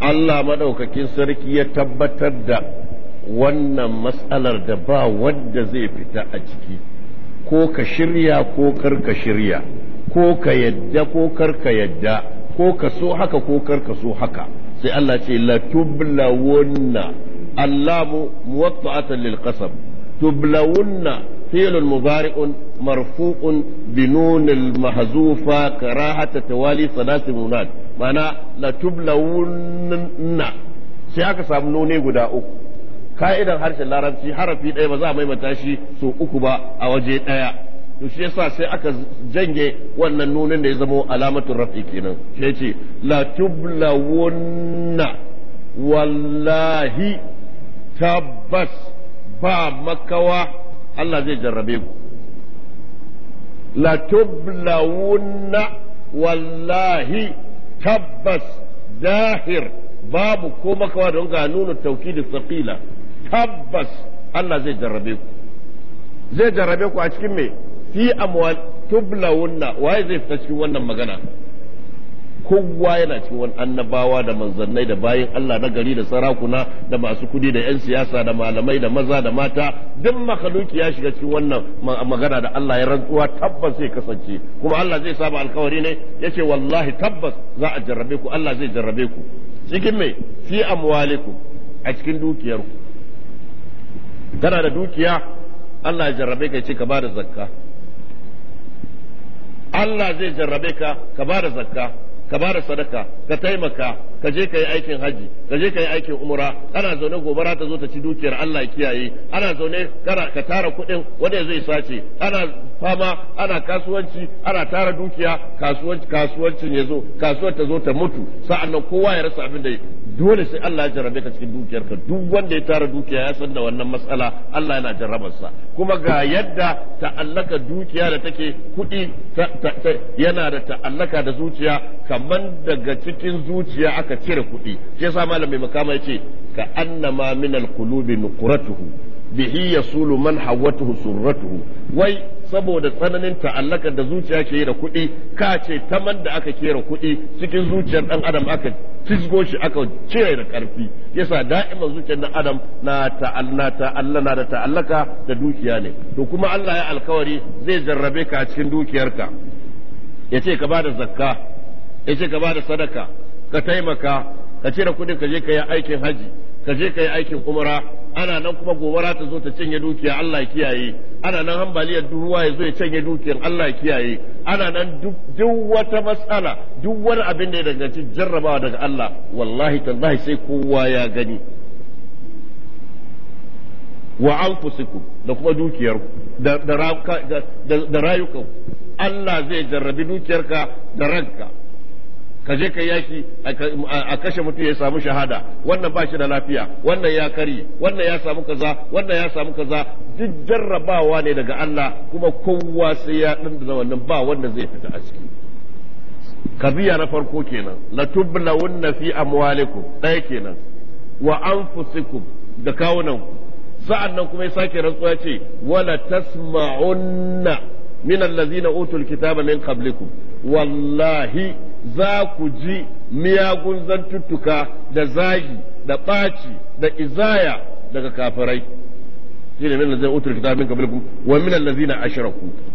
Allah maɗaukakin sarki ya tabbatar da wannan matsalar da ba wanda zai fita a ciki ko ka shirya ko kar shirya ko ka yadda ko kar ka yadda ko ka so haka ko kar so haka sai Allah ce latublawunna Allah muwatta'atan lil qasam tublawunna fi'lun mubari'un مرفوع بنون المحذوفة كراهة توالي ثلاث منات معنى لتبلون sai aka samu nune guda uku ka'idan harshen larabci harafi ɗaya ba za a maimaita shi su uku ba a waje ɗaya to shi yasa sai aka janye wannan nunin da ya zama alamatun rafi kenan shi ce la tublawunna wallahi tabbas ba makawa Allah zai jarrabe ku latublawunna wallahi tabbas dahir babu ko makawa don ga nuna da saƙila tabbas Allah zai jarrabe ku zai jarrabe ku a cikin mai. fi amwal tublawunna waye zai fita cikin wannan magana kowa yana cikin wani annabawa da manzannai da bayan Allah na gari da sarakuna da masu kudi da 'yan siyasa da malamai da maza da mata duk makaluki ya shiga cikin wannan magana da Allah ya rantsuwa tabbas zai kasance kuma Allah zai saba alkawari ne ya ce wallahi tabbas za a jarrabe ku Allah zai jarrabe ku cikin me fi amwalikum a cikin dukiyarku kana da dukiya Allah ya jarrabe ka ce ka bada zakka Allah zai jarrabe ka ka bada zakka ka da sadaka ka taimaka ka je ka yi aikin haji ka je ka yi aikin umura ana zaune gobara ta zo ta ci dukiyar Allah kiyaye ana zaune kana ka tara kuɗin wanda zai sace ana fama ana kasuwanci ana tara dukiya kasuwanci kasuwancin ya zo kasuwar ta zo ta mutu sa'annan kowa ya rasa abin da dole sai Allah ya jarrabe ka cikin dukiyar ka duk wanda ya tara dukiya ya san da wannan matsala Allah yana jarrabar kuma ga yadda ta'allaka dukiya da take kuɗi yana da ta'allaka da zuciya kamar daga cikin zuciya aka ka cire kuɗi shi yasa malam mai makama yace ka annama min alqulubi nuqratuhu bihi yasulu man hawatuhu surratuhu wai saboda tsananin ta'allaka da zuciya ke yi da kuɗi ka ce taman da aka kera kuɗi cikin zuciyar ɗan adam aka cisgo shi aka cire da karfi yasa da'iman zuciyar dan adam na ta'alla ta'allana da ta'allaka da dukiya ne to kuma Allah ya alkawari zai jarrabe ka cikin dukiyarka yace ka bada zakka ya ka bada sadaka ka taimaka ka cire kuɗin ka je ka yi aikin haji ka je ka yi aikin umara ana nan kuma gobara ta zo ta cinye dukiya Allah kiyaye ana nan hambaliyar duhuwa ya zo ya cinye dukiyar Allah kiyaye ana nan duk wata matsala duk wani abin da ya danganci jarrabawa daga Allah wallahi tallahi sai kowa ya gani wa anfusikum da kuma dukiyarku da rayukan Allah zai jarrabi dukiyarka da ranka ka je ka yaki a kashe mutum ya samu shahada wannan ba shi da lafiya wannan ya kari wannan ya samu kaza wannan ya samu kaza duk jarrabawa ne daga Allah kuma kowa sai ya dindina wannan ba wanda zai fita a ciki kabiya na farko kenan la tublawunna fi amwalikum ɗaya kenan wa anfusikum da kawunan sa'an nan kuma ya sake rantsuwa ce wala tasma'unna min allazina utul kitaba min qablikum wallahi za ku ji miyagun zantuttuka da zagi da ɓaci da izaya daga kafirai shine min lazina utul kitab min qablikum wa min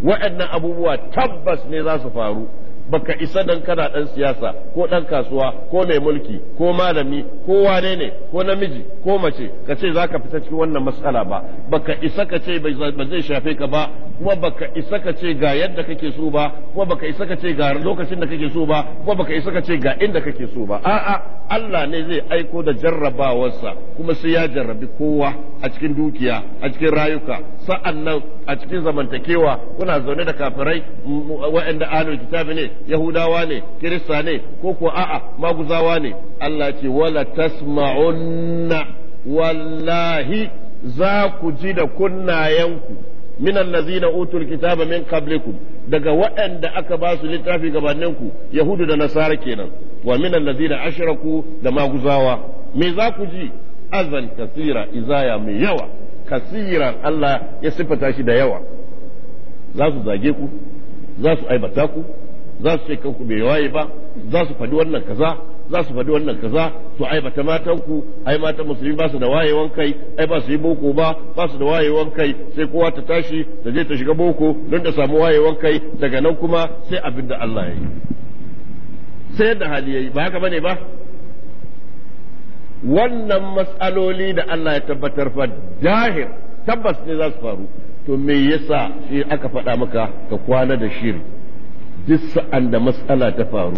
wa'annan abubuwa tabbas ne za su faru baka isa dan kana dan siyasa ko dan kasuwa ko mai mulki ko malami ko wane ne ko namiji ko mace ka ce za ka fita cikin wannan matsala ba baka isa ka ce ba zai shafe ka ba kuma baka isa ka ce ga yadda kake so ba kuma baka isa ka ce ga lokacin da kake so ba kuma baka isa ka ce ga inda kake so ba a'a Allah ne zai aiko da jarrabawarsa kuma sai ya jarrabi kowa a cikin dukiya a cikin rayuka sa'an nan a cikin zamantakewa kuna zaune da kafirai waɗanda ahlul kitabi ne yahudawa ne kirista ne ko ko a'a maguzawa ne Allah ce wala tasma'unna wallahi za ku ji da kunnayenku min allazina utul kitaba min qablikum daga waɗanda aka ba su littafi gabaninku yahudu da nasara kenan wa min allazina ashraku da maguzawa me za ku ji azan kasira izaya mai yawa kasiran Allah ya sifata shi da yawa za su zage ku za su aibata ku za su ce kanku bai waye ba za su faɗi wannan kaza za su faɗi wannan kaza su aibata matanku ai mata musulmi ba su da wayewan kai ai ba su yi boko ba ba su da wayewan kai sai kowa ta tashi ta je ta shiga boko don ta samu wayewan kai daga nan kuma sai abinda Allah ya yi sai da hali yayi ba haka bane ba wannan matsaloli da Allah ya tabbatar fa dahir tabbas ne za su faru to me yasa shi aka faɗa maka ka kwana da shiri duk sa'an da matsala ta faru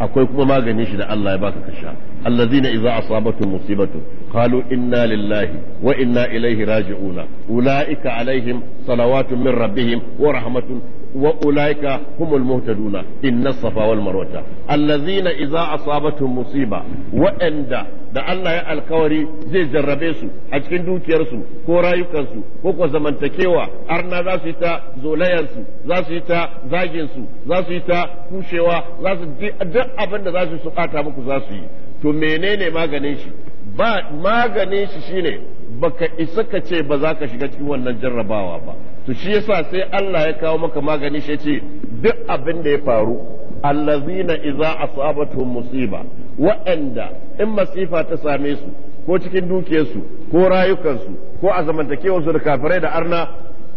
akwai kuma maganin shi da Allah ya baka ka sha allazina idza asabatu musibatu qalu inna lillahi wa inna ilaihi raji'una ulaika alaihim salawatun min rabbihim wa rahmatun وأولئك inna المهتدون إن الصفا والمروة iza a أصابتهم musiba. Waɗanda da Allah ya alkawari zai jarrabe su a cikin dukiyarsu ko rayukansu ko ko zamantakewa arna za su yi ta zolayarsu za su yi ta zaginsu za su yi ta kushewa za su duk abin da za su su bata muku za su yi to menene maganin shi ba maganin shi shine baka isa ka ce ba za ka shiga cikin wannan jarrabawa ba to shi yasa sai Allah ya kawo maka magani shi ce duk abin da ya faru allazina idza asabatuhum musiba wa'anda in masifa ta same su ko cikin dukiyarsu ko rayukansu ko a zamantakewarsu da kafirai da arna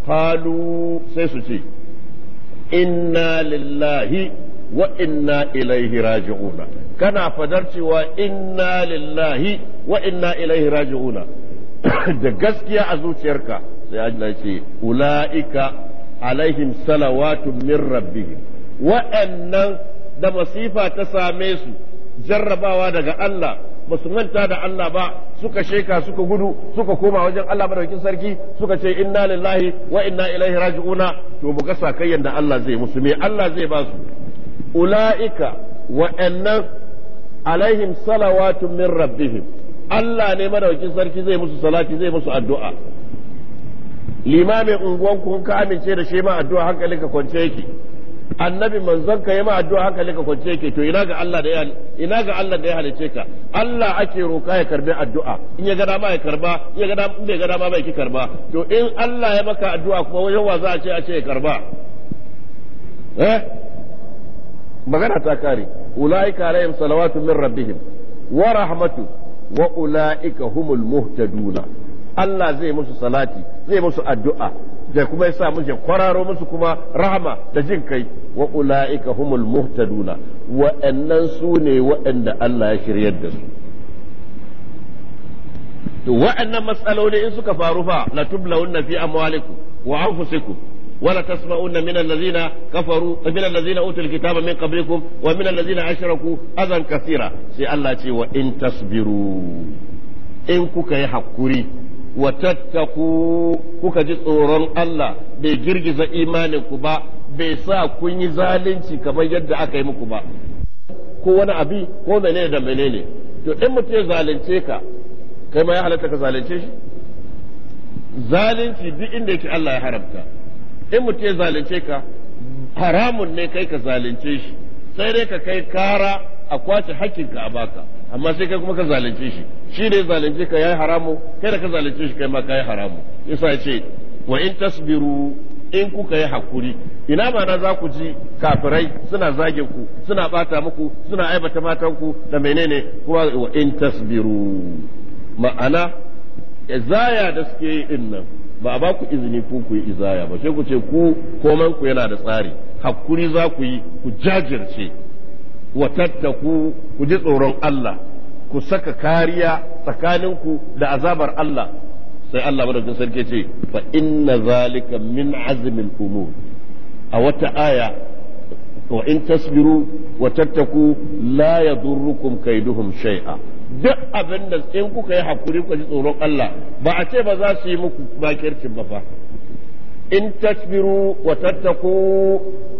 halu sai su ce inna lillahi wa inna ilaihi raji'una kana fadar cewa inna lillahi wa inna ilaihi raji'una da gaskiya a zuciyarka sai Allah ce ula'ika alaihim salawatun min rabbihim wa'annan da masifa ta same su jarrabawa daga Allah ba su manta da Allah ba suka sheka suka gudu suka koma wajen Allah madaukin sarki suka ce inna lillahi wa inna ilaihi raji'una to mu ga sakayyan da Allah zai musu me Allah zai ba su ula'ika wa'annan alaihim salawatun min rabbihim Allah ne madaukin sarki zai musu salati zai musu addu'a limamin unguwan kun ka amince da shi ma addu'a hankali ka kwance yake annabi manzon ka yi ma addu'a hankali ka kwance yake to ina ga Allah da ya ina ga Allah da ya halice ka Allah ake roka ya karbi addu'a in ya ga dama ya karba in ya gada in bai gada ma bai ki karba to in Allah ya maka addu'a kuma wajen wa za a ce a ce ya karba eh magana ta kare ulaika alaihim salawatu min rabbihim wa rahmatu wa ulaika humul muhtaduna Allah zai musu salati zai musu addu'a da kuma yasa muke kwararo musu kuma rahama da jin kai wa ulaika humul muhtaduna wa'annan su ne wa'anda Allah ya shiryar da su to wa'annan matsaloli in suka faru fa la na fi amwalikum wa anfusikum ولا تسمعن من الذين كفروا من الذين اوتوا الكتاب من قبلكم ومن الذين اشركوا اذى كثيرا سي الله وان تصبروا ان كوكاي حقوري wa tattaku kuka ji tsoron Allah bai girgiza imaninku ba bai sa kun yi zalunci kamar yadda aka yi muku ba ko wani abi ko menene da ne? to in mutum ya zalunce ka kai ma ya halatta ka zalunce shi zalunci duk inda yake Allah ya haramta in mutum ya zalunce ka haramun ne kai ka zalunce shi sai dai ka kai kara a kwace hakkinka a baka amma sai kai kuma ka zalunce shi shi ne zalunce ka yayi haramu kai da ka zalunce shi kai ma kai haramu yasa yace wa in tasbiru in kuka yi hakuri ina na za ku ji kafirai suna zage ku suna bata muku suna aibata matanku da menene kuma wa in tasbiru ma'ana izaya da suke yi din nan ba ba ku izini ku ku yi izaya ba sai ku ce ku komai ku yana da tsari hakuri za ku yi ku jajirce wa tattaku ku ji tsoron Allah ku saka kariya tsakaninku da azabar Allah sai Allah madaukin sarki ce fa inna zalika min azmin umur a wata aya wa in tasbiru wa tattaku la yadurrukum kaiduhum shay'a duk abin in kuka yi hakuri ku ji tsoron Allah ba a ce ba za su yi muku bakircin ba fa in tasbiru wa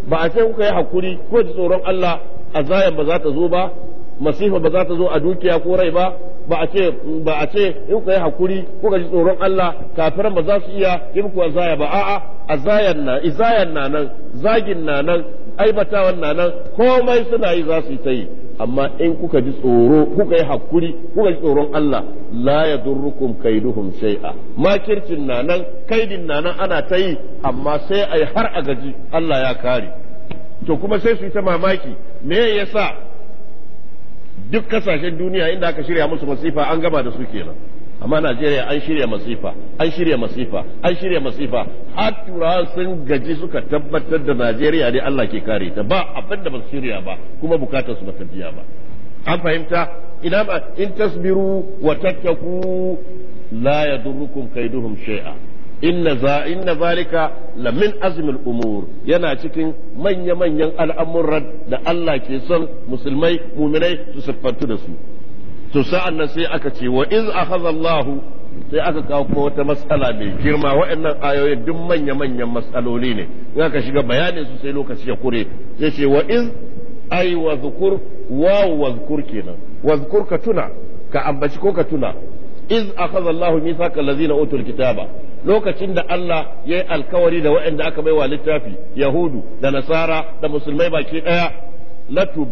ba a ce kuka yi hakuri ku ji tsoron Allah azayan ba za ta zo ba masifa ba za ta zo a dukiya ko rai ba ba a ce ba a ce in ku yi hakuri kuka ji tsoron Allah kafiran ba za su iya yi muku azaya ba a'a azayan na izayan na nan zagin na nan aibatawan na nan komai suna yi za su yi ta yi amma in kuka ji tsoro kuka yi hakuri kuka ji tsoron Allah la durrukum kaiduhum shay'a makircin na nan kaidin na nan ana ta yi amma sai ai har a gaji Allah ya kare to kuma sai su yi ta mamaki me yasa duk kasashen duniya inda aka shirya musu masifa an gama da su kenan amma Najeriya an shirya masifa an shirya masifa an shirya masifa har turawa sun gaji suka tabbatar da Najeriya ne Allah ke kare ta ba abin da ba su shirya ba kuma bukatar su ba biya ba an fahimta ina in tasbiru wa tattaku la yadurrukum kaiduhum shay'a inna za inna zalika la min umur yana cikin manya manyan al'amuran da Allah ke son musulmai muminai su siffantu da su to sa'an nan sai aka ce wa iz akhadha sai aka kawo wata matsala mai girma waɗannan ayoyin duk manya manyan matsaloli ne in aka shiga bayanin su sai lokaci ya kure sai ce wa iz ai wa zukur wa wa zukur kenan wa zukur ka tuna ka ambaci ko ka tuna iz akhadha Allahu mithaqa allazina utul kitaba lokacin da Allah ya yi alkawari da waɗanda aka baiwa littafi yahudu da nasara da musulmai baki ɗaya latu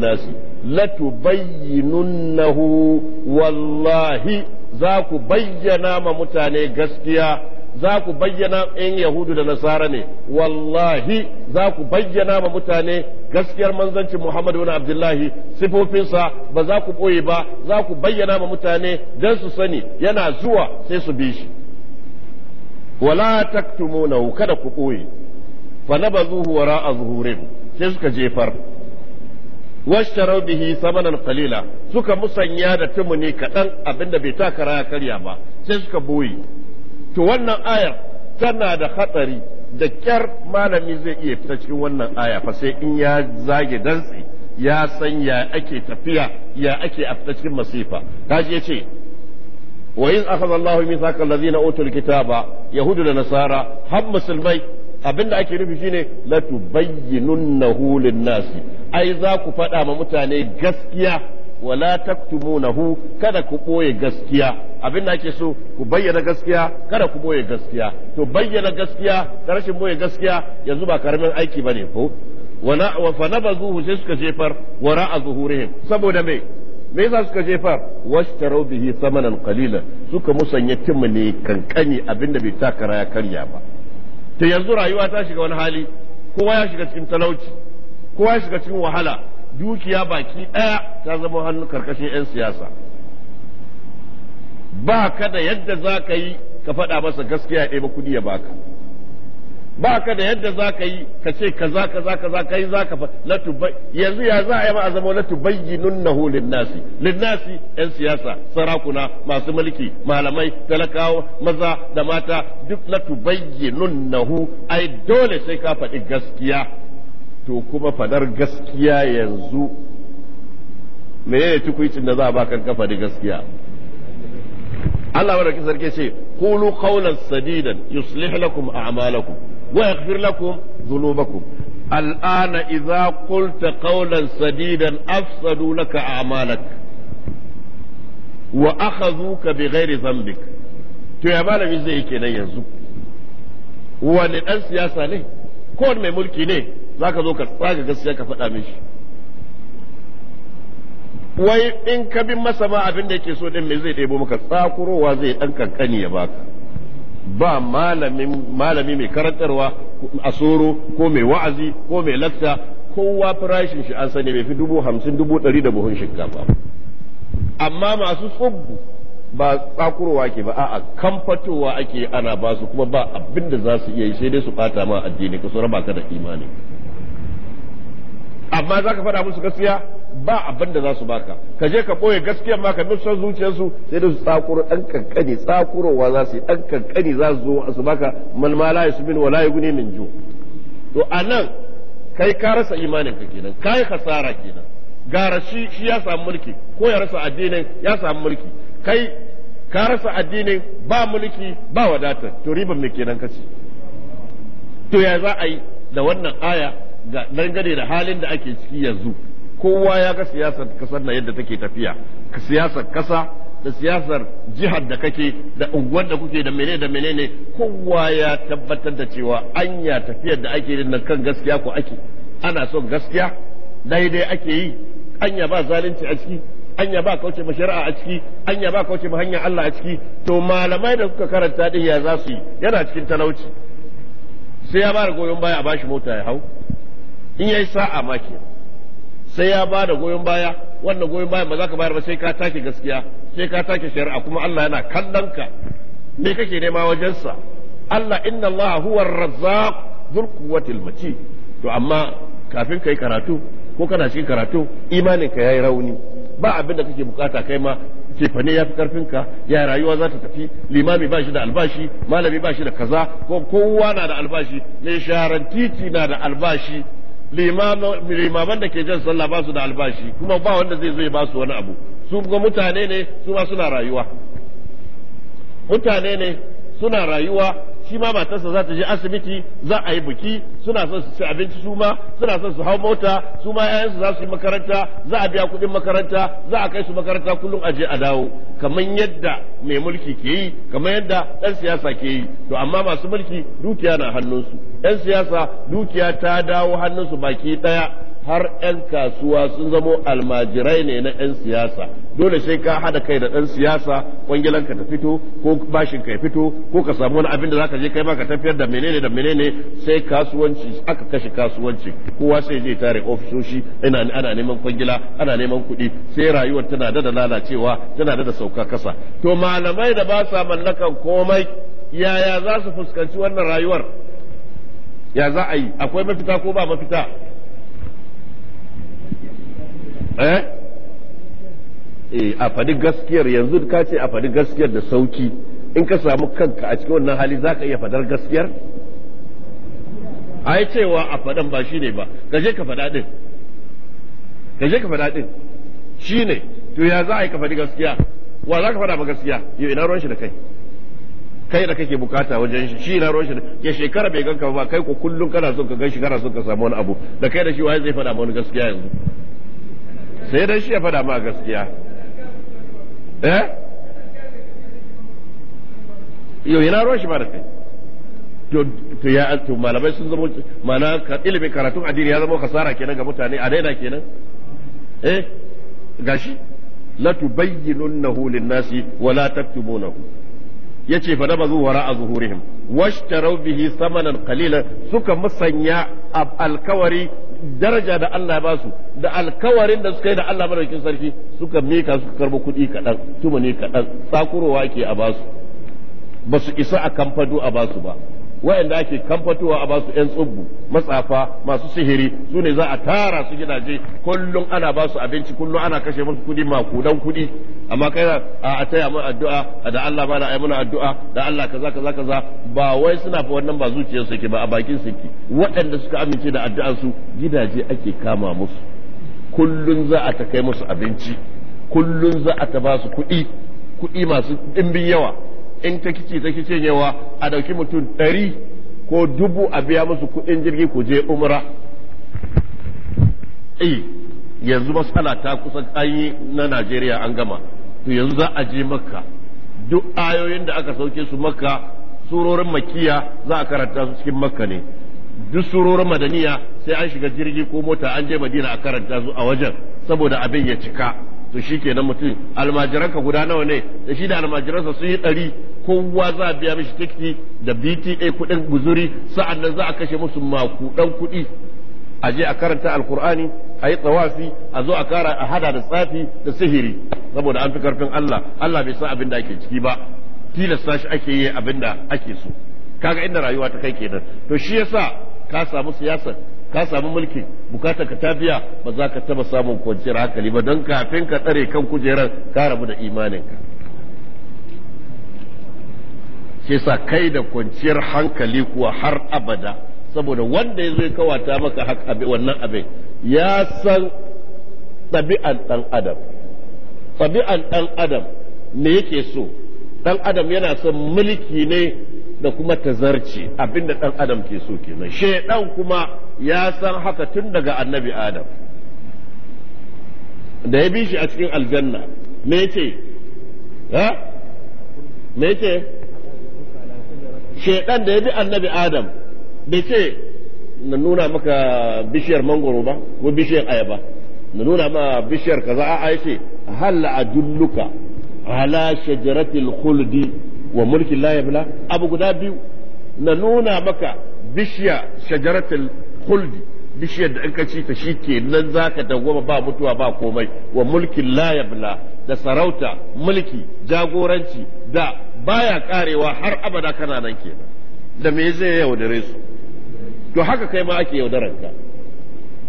nasi. latu bayyinun nahu wallahi za ku bayyana ma mutane gaskiya za ku bayyana in yahudu da nasara ne wallahi za ku bayyana ma mutane gaskiyar manzancin muhammadu wani abdullahi sifofinsa ba za ku ɓoye ba za ku bayyana ma mutane don su sani yana zuwa sai su bi shi wala taktumunahu kada ku ɓoye fa nabazuhu wara zuhurin sai suka jefar washtarau bihi samanan qalila suka musanya da tumuni kaɗan abinda bai taka raya karya ba sai suka boye to wannan aya tana da hatsari da kyar malami zai iya fita cikin wannan aya fa sai in ya zage dantse ya san ya ake tafiya ya ake a fita cikin masifa kaji ya ce wa in akhadha Allahu mithaqa allazina utul kitaba yahudu da nasara har musulmai abinda ake nufi shine la tubayyinunnahu lin-nasi ai za ku faɗa ma mutane gaskiya wala taktumunahu kada ku boye gaskiya abin da ake so ku bayyana gaskiya kada ku boye gaskiya to bayyana gaskiya rashin boye gaskiya yanzu ba karamin aiki bane ko wala wa fanabazuhu sai suka jefar wa ra'a zuhurihim saboda me me yasa suka jefar washtaru bihi samanan qalila suka musanya ne kankani abinda bai takara ya karya ba to yanzu rayuwa ta shiga wani hali kowa ya shiga cikin talauci kowa ya shiga cikin wahala dukiya baki ɗaya ta zama hannu karkashin 'yan siyasa ba ka da yadda za ka yi ka faɗa masa gaskiya ɗaya ba kudi ya baka ba ka da yadda za ka yi ka ce kaza kaza za ka za ka fa yanzu ya za a yi ma zama la nasi linnasi nasi yan siyasa sarakuna masu mulki malamai talakawa maza da mata duk na hu ai dole sai ka faɗi gaskiya to kuma fadar gaskiya yanzu menene tukuicin da za a ba kan kafa da gaskiya Allah barki sarki ce qulu qawlan sadidan yuslih lakum a'malakum wa yaghfir lakum dhunubakum الآن sadidan قلت قولا سديدا أفسدوا لك أعمالك وأخذوك بغير ذنبك to ya malami zai kenan yanzu wani ɗan siyasa ne ko mai mulki ne za ka zo ka tsaga gaskiya ka faɗa mishi wai in ka bin masa ma abin da yake so din me zai ɗebo maka tsakurowa zai ɗan kankani ya baka ba malami mai karantarwa a soro ko mai wa'azi ko mai lakta kowa farashin shi an sani bai fi dubu hamsin dubu ɗari da buhun shinkafa amma masu tsogbu ba tsakurowa ke ba a'a kamfatowa ake ana ba su kuma ba abin da za su iya yi sai dai su ɓata ma addini ka su ba ka da imani amma za ka faɗa musu gaskiya ba abin da za su baka ka je ka ɓoye gaskiyar ma ka zuciyarsu sai da su tsakuro ɗan kankani tsakurowa za su yi ɗan kankani za su zo su baka malmala ma su min wa min ju to anan kai ka rasa imanin ka kenan kai hasara kenan gara shi shi ya samu mulki ko ya rasa addinin ya samu mulki kai ka rasa addinin ba mulki ba wadata to riban me kenan kace to ya za a yi da wannan aya ga dangane da halin da ake ciki yanzu kowa ya ga siyasar kasar na yadda take tafiya siyasar kasa da siyasar jihar da kake da unguwar da kuke da menene da menene kowa ya tabbatar da cewa anya tafiyar da ake yin kan gaskiya ko ake ana son gaskiya daidai ake yi anya ba zalunci a ciki anya ba kauce ma shari'a a ciki anya ba kauce ma hanyar Allah a ciki to malamai da kuka karanta din ya za su yi yana cikin talauci sai ya bara goyon baya a bashi mota ya hau in yayi sa'a ma ke sai ya ba da goyon baya wannan goyon baya ba za ka bayar ba sai ka take gaskiya sai ka take shari'a kuma Allah yana kallon ka me kake nema wajensa Allah inna Allah huwa razzaq dhul al-mati to amma kafin kai karatu ko kana cikin karatu imanin ka yayi rauni ba abin da kake bukata kai ma cefane ya fi karfin ka ya rayuwa za ta tafi limami ba shi da albashi malami ba shi da kaza ko kowa na da albashi mai sharan titi na da albashi limaman da ke jan sallah ba su da albashi kuma ba wanda zai zo ya ba su wani abu su kuma mutane ne su ma suna rayuwa mutane ne suna rayuwa shi ma matarsa za ta je asibiti za a yi buki suna son su ci abinci su ma suna son su hau mota su ma yayansu za su yi makaranta za a biya kuɗin makaranta za a kai su makaranta kullum a je a dawo kamar yadda mai mulki ke yi kamar yadda ɗan siyasa ke yi to amma masu mulki dukiya na hannunsu ɗan siyasa dukiya ta dawo hannunsu baki ɗaya har 'yan kasuwa sun zamo almajirai ne na 'yan siyasa dole sai ka hada kai da ɗan siyasa kwangilanka ta fito ko bashin ka ya fito ko ka samu wani abin da za ka je kai ma tafiyar da menene da menene sai kasuwanci aka kashe kasuwanci kowa sai zai tare ofisoshi ina ana neman kwangila ana neman kuɗi sai rayuwar tana da lalacewa tana da sauka kasa to malamai da ba sa mallakan komai yaya za su fuskanci wannan rayuwar ya za a yi akwai mafita ko ba mafita Eh? eh a faɗi gaskiyar yanzu ka ce a faɗi gaskiyar da sauki in ka samu kanka a cikin wannan hali za ka iya faɗar gaskiyar a yi cewa a faɗan ba shi ne ba ka je ka faɗa ɗin ka je ka faɗa ɗin shi ne to ya za a yi ka faɗi gaskiya wa za ka faɗa ba gaskiya yau ina ruwan shi da kai kai da kake bukata wajen shi shi ina ruwan shi ya shekara bai ganka ba kai ko kullum kana son ka gan shi kana son ka samu wani abu da kai da shi waye zai faɗa ma wani gaskiya yanzu sai dan shi ya faɗa ma gaskiya eh yau yana ruwan shi ba da kai to ya to malamai sun zama mana ilimin karatun addini ya zama kasara kenan ga mutane a daina kenan eh gashi la tubayyinunnahu lin-nasi wa la taktumunahu yace fa da bazu wara'a zuhurihim washtaraw bihi thamanan qalila suka musanya alkawari daraja da Allah ya ba su da alkawarin da suka yi da Allah madaukakin sarki suka mika suka karbo kuɗi kaɗan tuma ne kaɗan tsakurowa ke a ba su ba su isa a kamfado a ba su ba waɗanda ake kamfatowa a basu yan tsubbu matsafa masu sihiri su ne za a tara su gidaje kullum ana basu abinci kullum ana kashe musu kudi makudan kudi amma kai a taya mu addu'a da Allah ba da ayi muna addu'a da Allah kaza kaza kaza ba wai suna fa wannan ba zuciyar su ke ba a bakin su ke waɗanda suka amince da addu'ar su gidaje ake kama musu kullum za a ta kai musu abinci kullum za a ta ba su kuɗi kuɗi masu ɗimbin yawa in ta kici ta kici yawa a ɗauki mutum ɗari ko dubu a biya musu kuɗin jirgi ku je umra eh yanzu matsala ta kusa an na Najeriya an gama to yanzu za a je makka duk ayoyin da aka sauke su makka surorin makiya za a karanta su cikin makka ne duk surorin madaniya sai an shiga jirgi ko mota an je madina a karanta su a wajen saboda abin ya cika to shi ke kenan mutum almajiranka guda nawa ne da shi da almajiransa sun yi ɗari kowa za a biya mishi tikiti da bta kuɗin guzuri sa'an nan za a kashe musu makuɗan kuɗi a je a karanta alkur'ani a yi tsawafi a zo a kara a hada da tsafi da sihiri saboda an fi karfin Allah Allah bai san abin da ake ciki ba tilasta shi ake yi abin da ake so kaga inda rayuwa ta kai kenan to shi yasa ka samu siyasar ka samu mulki bukatar ka tafiya ba za ka taba samun kwanciyar hankali ba don kafin ka tsare kan kujerar ka rabu da imaninka ke sa kai da kwanciyar hankali kuwa har abada saboda wanda ya zai kawata maka haka wannan abin ya san ɗabi'an ɗan adam ɗabi'an ɗan adam ne yake so ɗan adam yana son mulki ne da kuma tazarci abinda ɗan adam ke so kenan shedan kuma ya san haka tun daga annabi adam da ya bi shi a cikin aljanna me ce. ha me ce. shedan da ya bi annabi adam bai ce na nuna maka bishiyar mangoro ba ko bishiyar ayaba na nuna ma bishiyar kaza a yace hal adulluka ala shajaratil khuldi wa mulkin la yabla abu guda biyu na nuna maka bishiya shajaratil khuldi bishiyar da in ka ci ta shi ke nan za ka dawwama ba mutuwa ba komai wa mulkin layabla da sarauta mulki jagoranci da baya karewa har abada kana nan ke da me zai yaudare su to haka kai ma ake ka?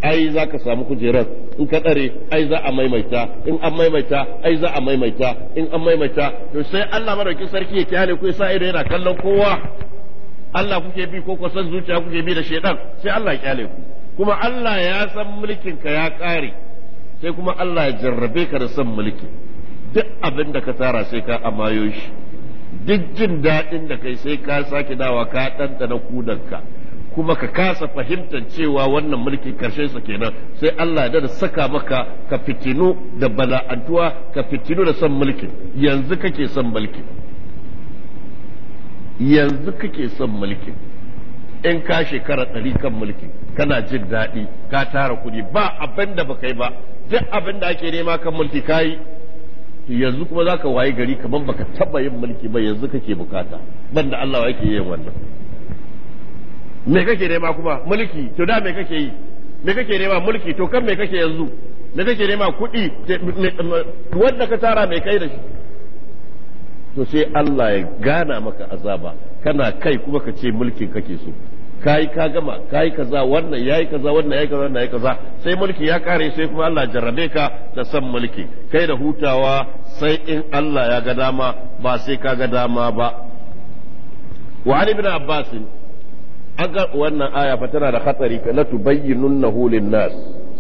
ai za ka samu kujerar in ka tsare ai za a maimaita in an maimaita ai za a maimaita in an maimaita to sai Allah madaukin sarki ya kyale ku yasa ido yana kallon kowa Allah kuke bi ko ko zuciya kuke bi da shedan sai Allah ya kyale ku kuma Allah ya san mulkin ka ya kare sai kuma Allah ya jarrabe ka da san mulki duk abin da ka tara sai ka amayo shi duk jin daɗin da kai sai ka sake dawa ka ɗanɗana kudanka kuma ka kasa fahimtar cewa wannan mulkin karshen sa kenan sai Allah ya da saka maka ka fitinu da bala'antuwa ka fitinu da san mulkin yanzu kake son mulkin yanzu kake son mulkin in ka shekara ɗari kan mulki kana jin daɗi ka tara kuɗi ba abin da baka yi ba duk abin da ake nema kan mulki ka yi yanzu kuma za ka waye gari kamar baka taɓa yin mulki ba yanzu kake bukata da Allah yake yin wannan me kake nema kuma mulki to da me kake yi me kake nema mulki to kan me kake yanzu me kake nema kuɗi wanda ka tara me kai da shi to sai Allah ya gana maka azaba kana kai kuma ka ce mulkin kake so kayi ka gama kayi kaza wannan yayi kaza wannan yayi kaza wannan yayi kaza sai mulki ya kare sai kuma Allah jarrabe ka da san mulki kai da hutawa sai in Allah ya ga dama ba sai ka ga dama ba wa ali ibn abbas aga wannan aya fa tana da hatsari la tubayyinunnahu lin nas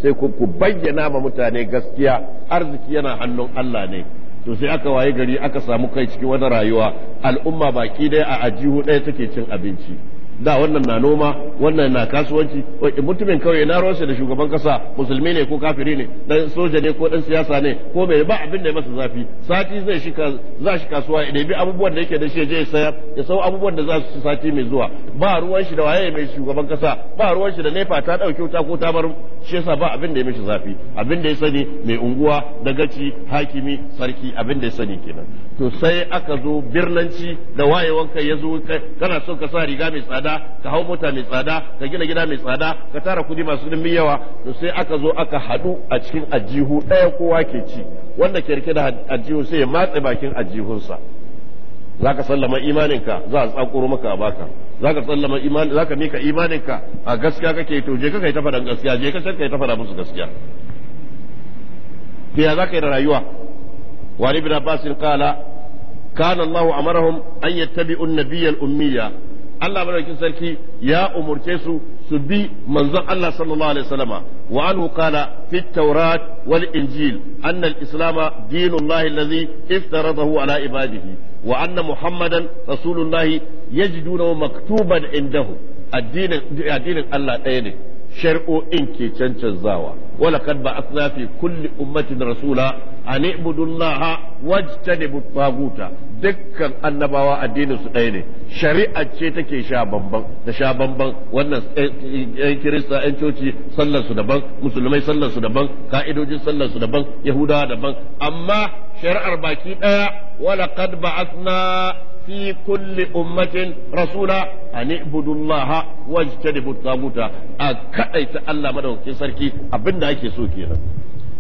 sai ku bayyana ma mutane gaskiya arziki yana hannun Allah ne to sai aka waye gari aka samu kai cikin wani rayuwa al'umma baki ɗaya a ajihu ɗaya take cin abinci da wannan na noma wannan na kasuwanci mutumin kawai na ruwansa da shugaban kasa musulmi ne ko kafiri ne dan soja ne ko dan siyasa ne ko mai ba abin da ya masa zafi sati zai shika za shi kasuwa ya bi abubuwan da yake da shi je ya sayar ya sau abubuwan da za su ci sati mai zuwa ba ruwan shi da waye mai shugaban kasa ba ruwan shi da nefa ta ɗauki wuta ko ta bar shi yasa ba abin da ya mishi zafi abin da ya sani mai unguwa dagaci hakimi sarki abin da ya sani kenan to sai aka zo birnanci da wayewan kai ya kana so ka sa riga mai tsada ka hau mota mai tsada ka gina gida mai tsada ka tara kudi masu dimbin yawa to sai aka zo aka haɗu a cikin ajihu ɗaya kowa ke ci wanda ke rike da ajihu sai ya matse bakin ajihunsa zaka sallama imaninka za a tsakuro maka a baka zaka sallama imani zaka mika imaninka a gaskiya kake to je ka kai ta faɗan gaskiya je ka kai ta faɗa musu gaskiya to za zaka yi da rayuwa wani bin Abbas qala kana Allah amarahum an yattabi'u an-nabiyya al Allah madaukin sarki ya umurce su su bi manzon Allah sallallahu alaihi wasallama wa anhu qala fi tawrat wal injil anna al islama dinullahi alladhi iftaradahu ala ibadihi wa anna muhammadan rasulullahi yajidunahu maktuban indahu addinin addinin Allah ɗaya ne shari'o'in ke cancanzawa wala kad ba'athna fi kulli ummatin rasula an ibudullah wajtanibu taguta dukkan annabawa addinin su ɗaya ne shari'a ce take sha bamban da sha bamban wannan yan eh, eh, eh, kirista yan coci sallar su daban musulmai sallar su daban ka'idojin sallar su daban yahudawa daban amma shari'ar baki ɗaya wala qad ba'athna في كل rasula رسولا أن اعبدوا الله واجتنبوا allah أكأيت sarki abinda ake so kenan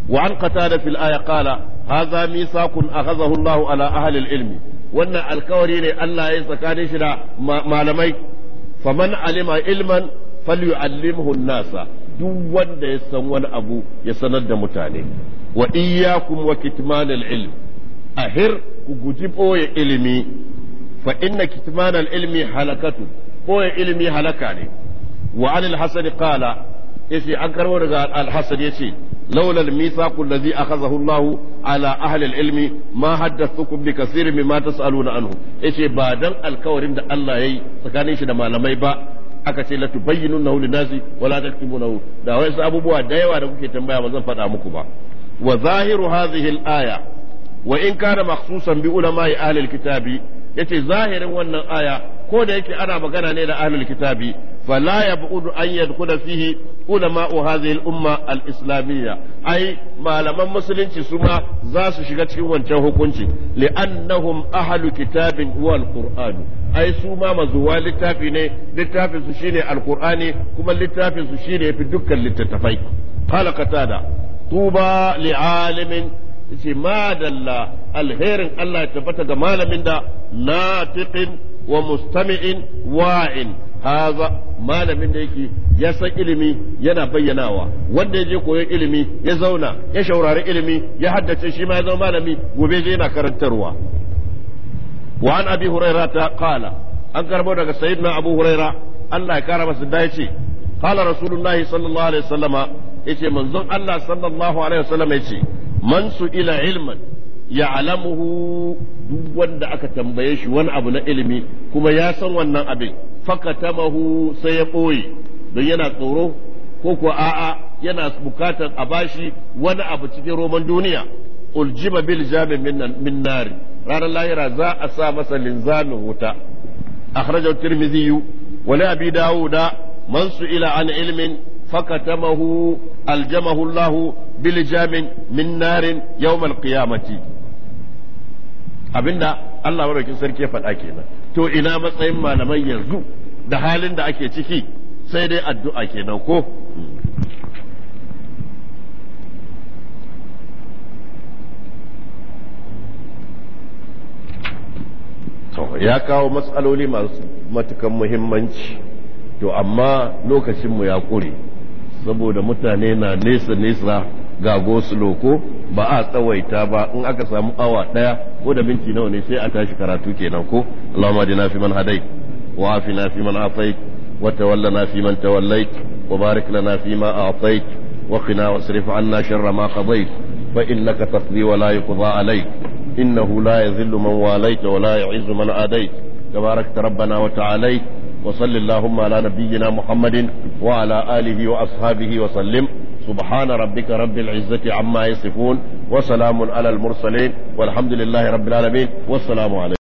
وعن قتادة في الآية قال هذا ميثاق أخذه الله على أهل العلم وأن الكوري ألا يسكان شنا معلمي فمن علم علما فليعلمه الناس duk wanda ya san wani abu ya sanar da mutane wa iyyakum wa kitmanal ilm ahir ku guji boye ilimi fa inna kitmanal ilmi halakatu boye ilimi halaka ne wa anil hasan yace an karbo daga al-Hassan yace laula al-mithaq allazi akhadhahu Allah ala ahli al-ilmi ma haddathukum bi mata mimma na anhu yace ba dan alkawarin da Allah ya yi tsakanin shi da malamai ba aka ce la tubayyinuna li nasi wa la taktubuna da wai su abubuwa da yawa da kuke tambaya ba zan faɗa muku ba wa zahiru hadhihi aya wa in kana makhsusan bi ulama'i ahli al-kitabi yace zahirin wannan aya ko da yake ana magana ne da ahlul kitabi fala udu an yadkhula fihi ulama hadhihi al-umma al-islamiyya ai malaman musulunci su ma za su shiga cikin wancan hukunci li annahum ahlul kitabin wal qur'an ai su ma mazuwa littafi ne littafin su shine al-qur'ani kuma littafin su shine fi dukkan littattafai qala qatada tuba li alimin ma dalla alherin Allah ya tabbata ga malamin da natiqin wa mustami'in wa'in haza malamin da yake ya san ilimi yana bayyanawa wanda ya je koyon ilimi ya zauna ya shaurari ilimi ya haddace shi ma ya zama malami gobe je yana karantarwa wa an abi huraira ta kala an karbo daga sayyidina abu huraira Allah ya kara masa da yace qala rasulullahi sallallahu alaihi wasallama yace manzon Allah sallallahu alaihi wasallama yace man su ila ilman ya'lamuhu duk wanda aka tambaye shi wani abu na ilimi kuma ya san wannan abin fakatamahu sai ya ɓoye don yana tsoro ko kuwa a'a yana bukatar a bashi wani abu cikin roman duniya uljiba bil jamin min nari ranar lahira za a sa masa linzamin wuta akhrajahu tirmidhi wa Wani abi dawuda man ila an ilmin فكتمه ألجمه الله بلجام من نار يوم القيامة abinda Allah maraukin sarki ya faɗa kenan to ina matsayin malaman yanzu da halin da ake ciki sai dai addu'a kenan ko ya kawo matsaloli masu matukan muhimmanci to amma lokacinmu ya ƙure saboda mutane na nesa nesa ga gosulo loko ba a tsawaita ba in aka samu awa daya ko da minti nawa ne sai a tashi karatu kenan ko Allahumma dina fi man hadai wa afina fi man afait wa tawallana fi man tawallait wa barik lana fi ma a'tait wa qina wasrif anna sharra ma qadait fa innaka taqdi wa la yuqda alayk innahu la yadhillu man walayta wa la yu'izzu man adai tabarakta rabbana wa ta'alayta وصل اللهم على نبينا محمد وعلى آله وأصحابه وسلم سبحان ربك رب العزة عما يصفون وسلام على المرسلين والحمد لله رب العالمين والسلام عليكم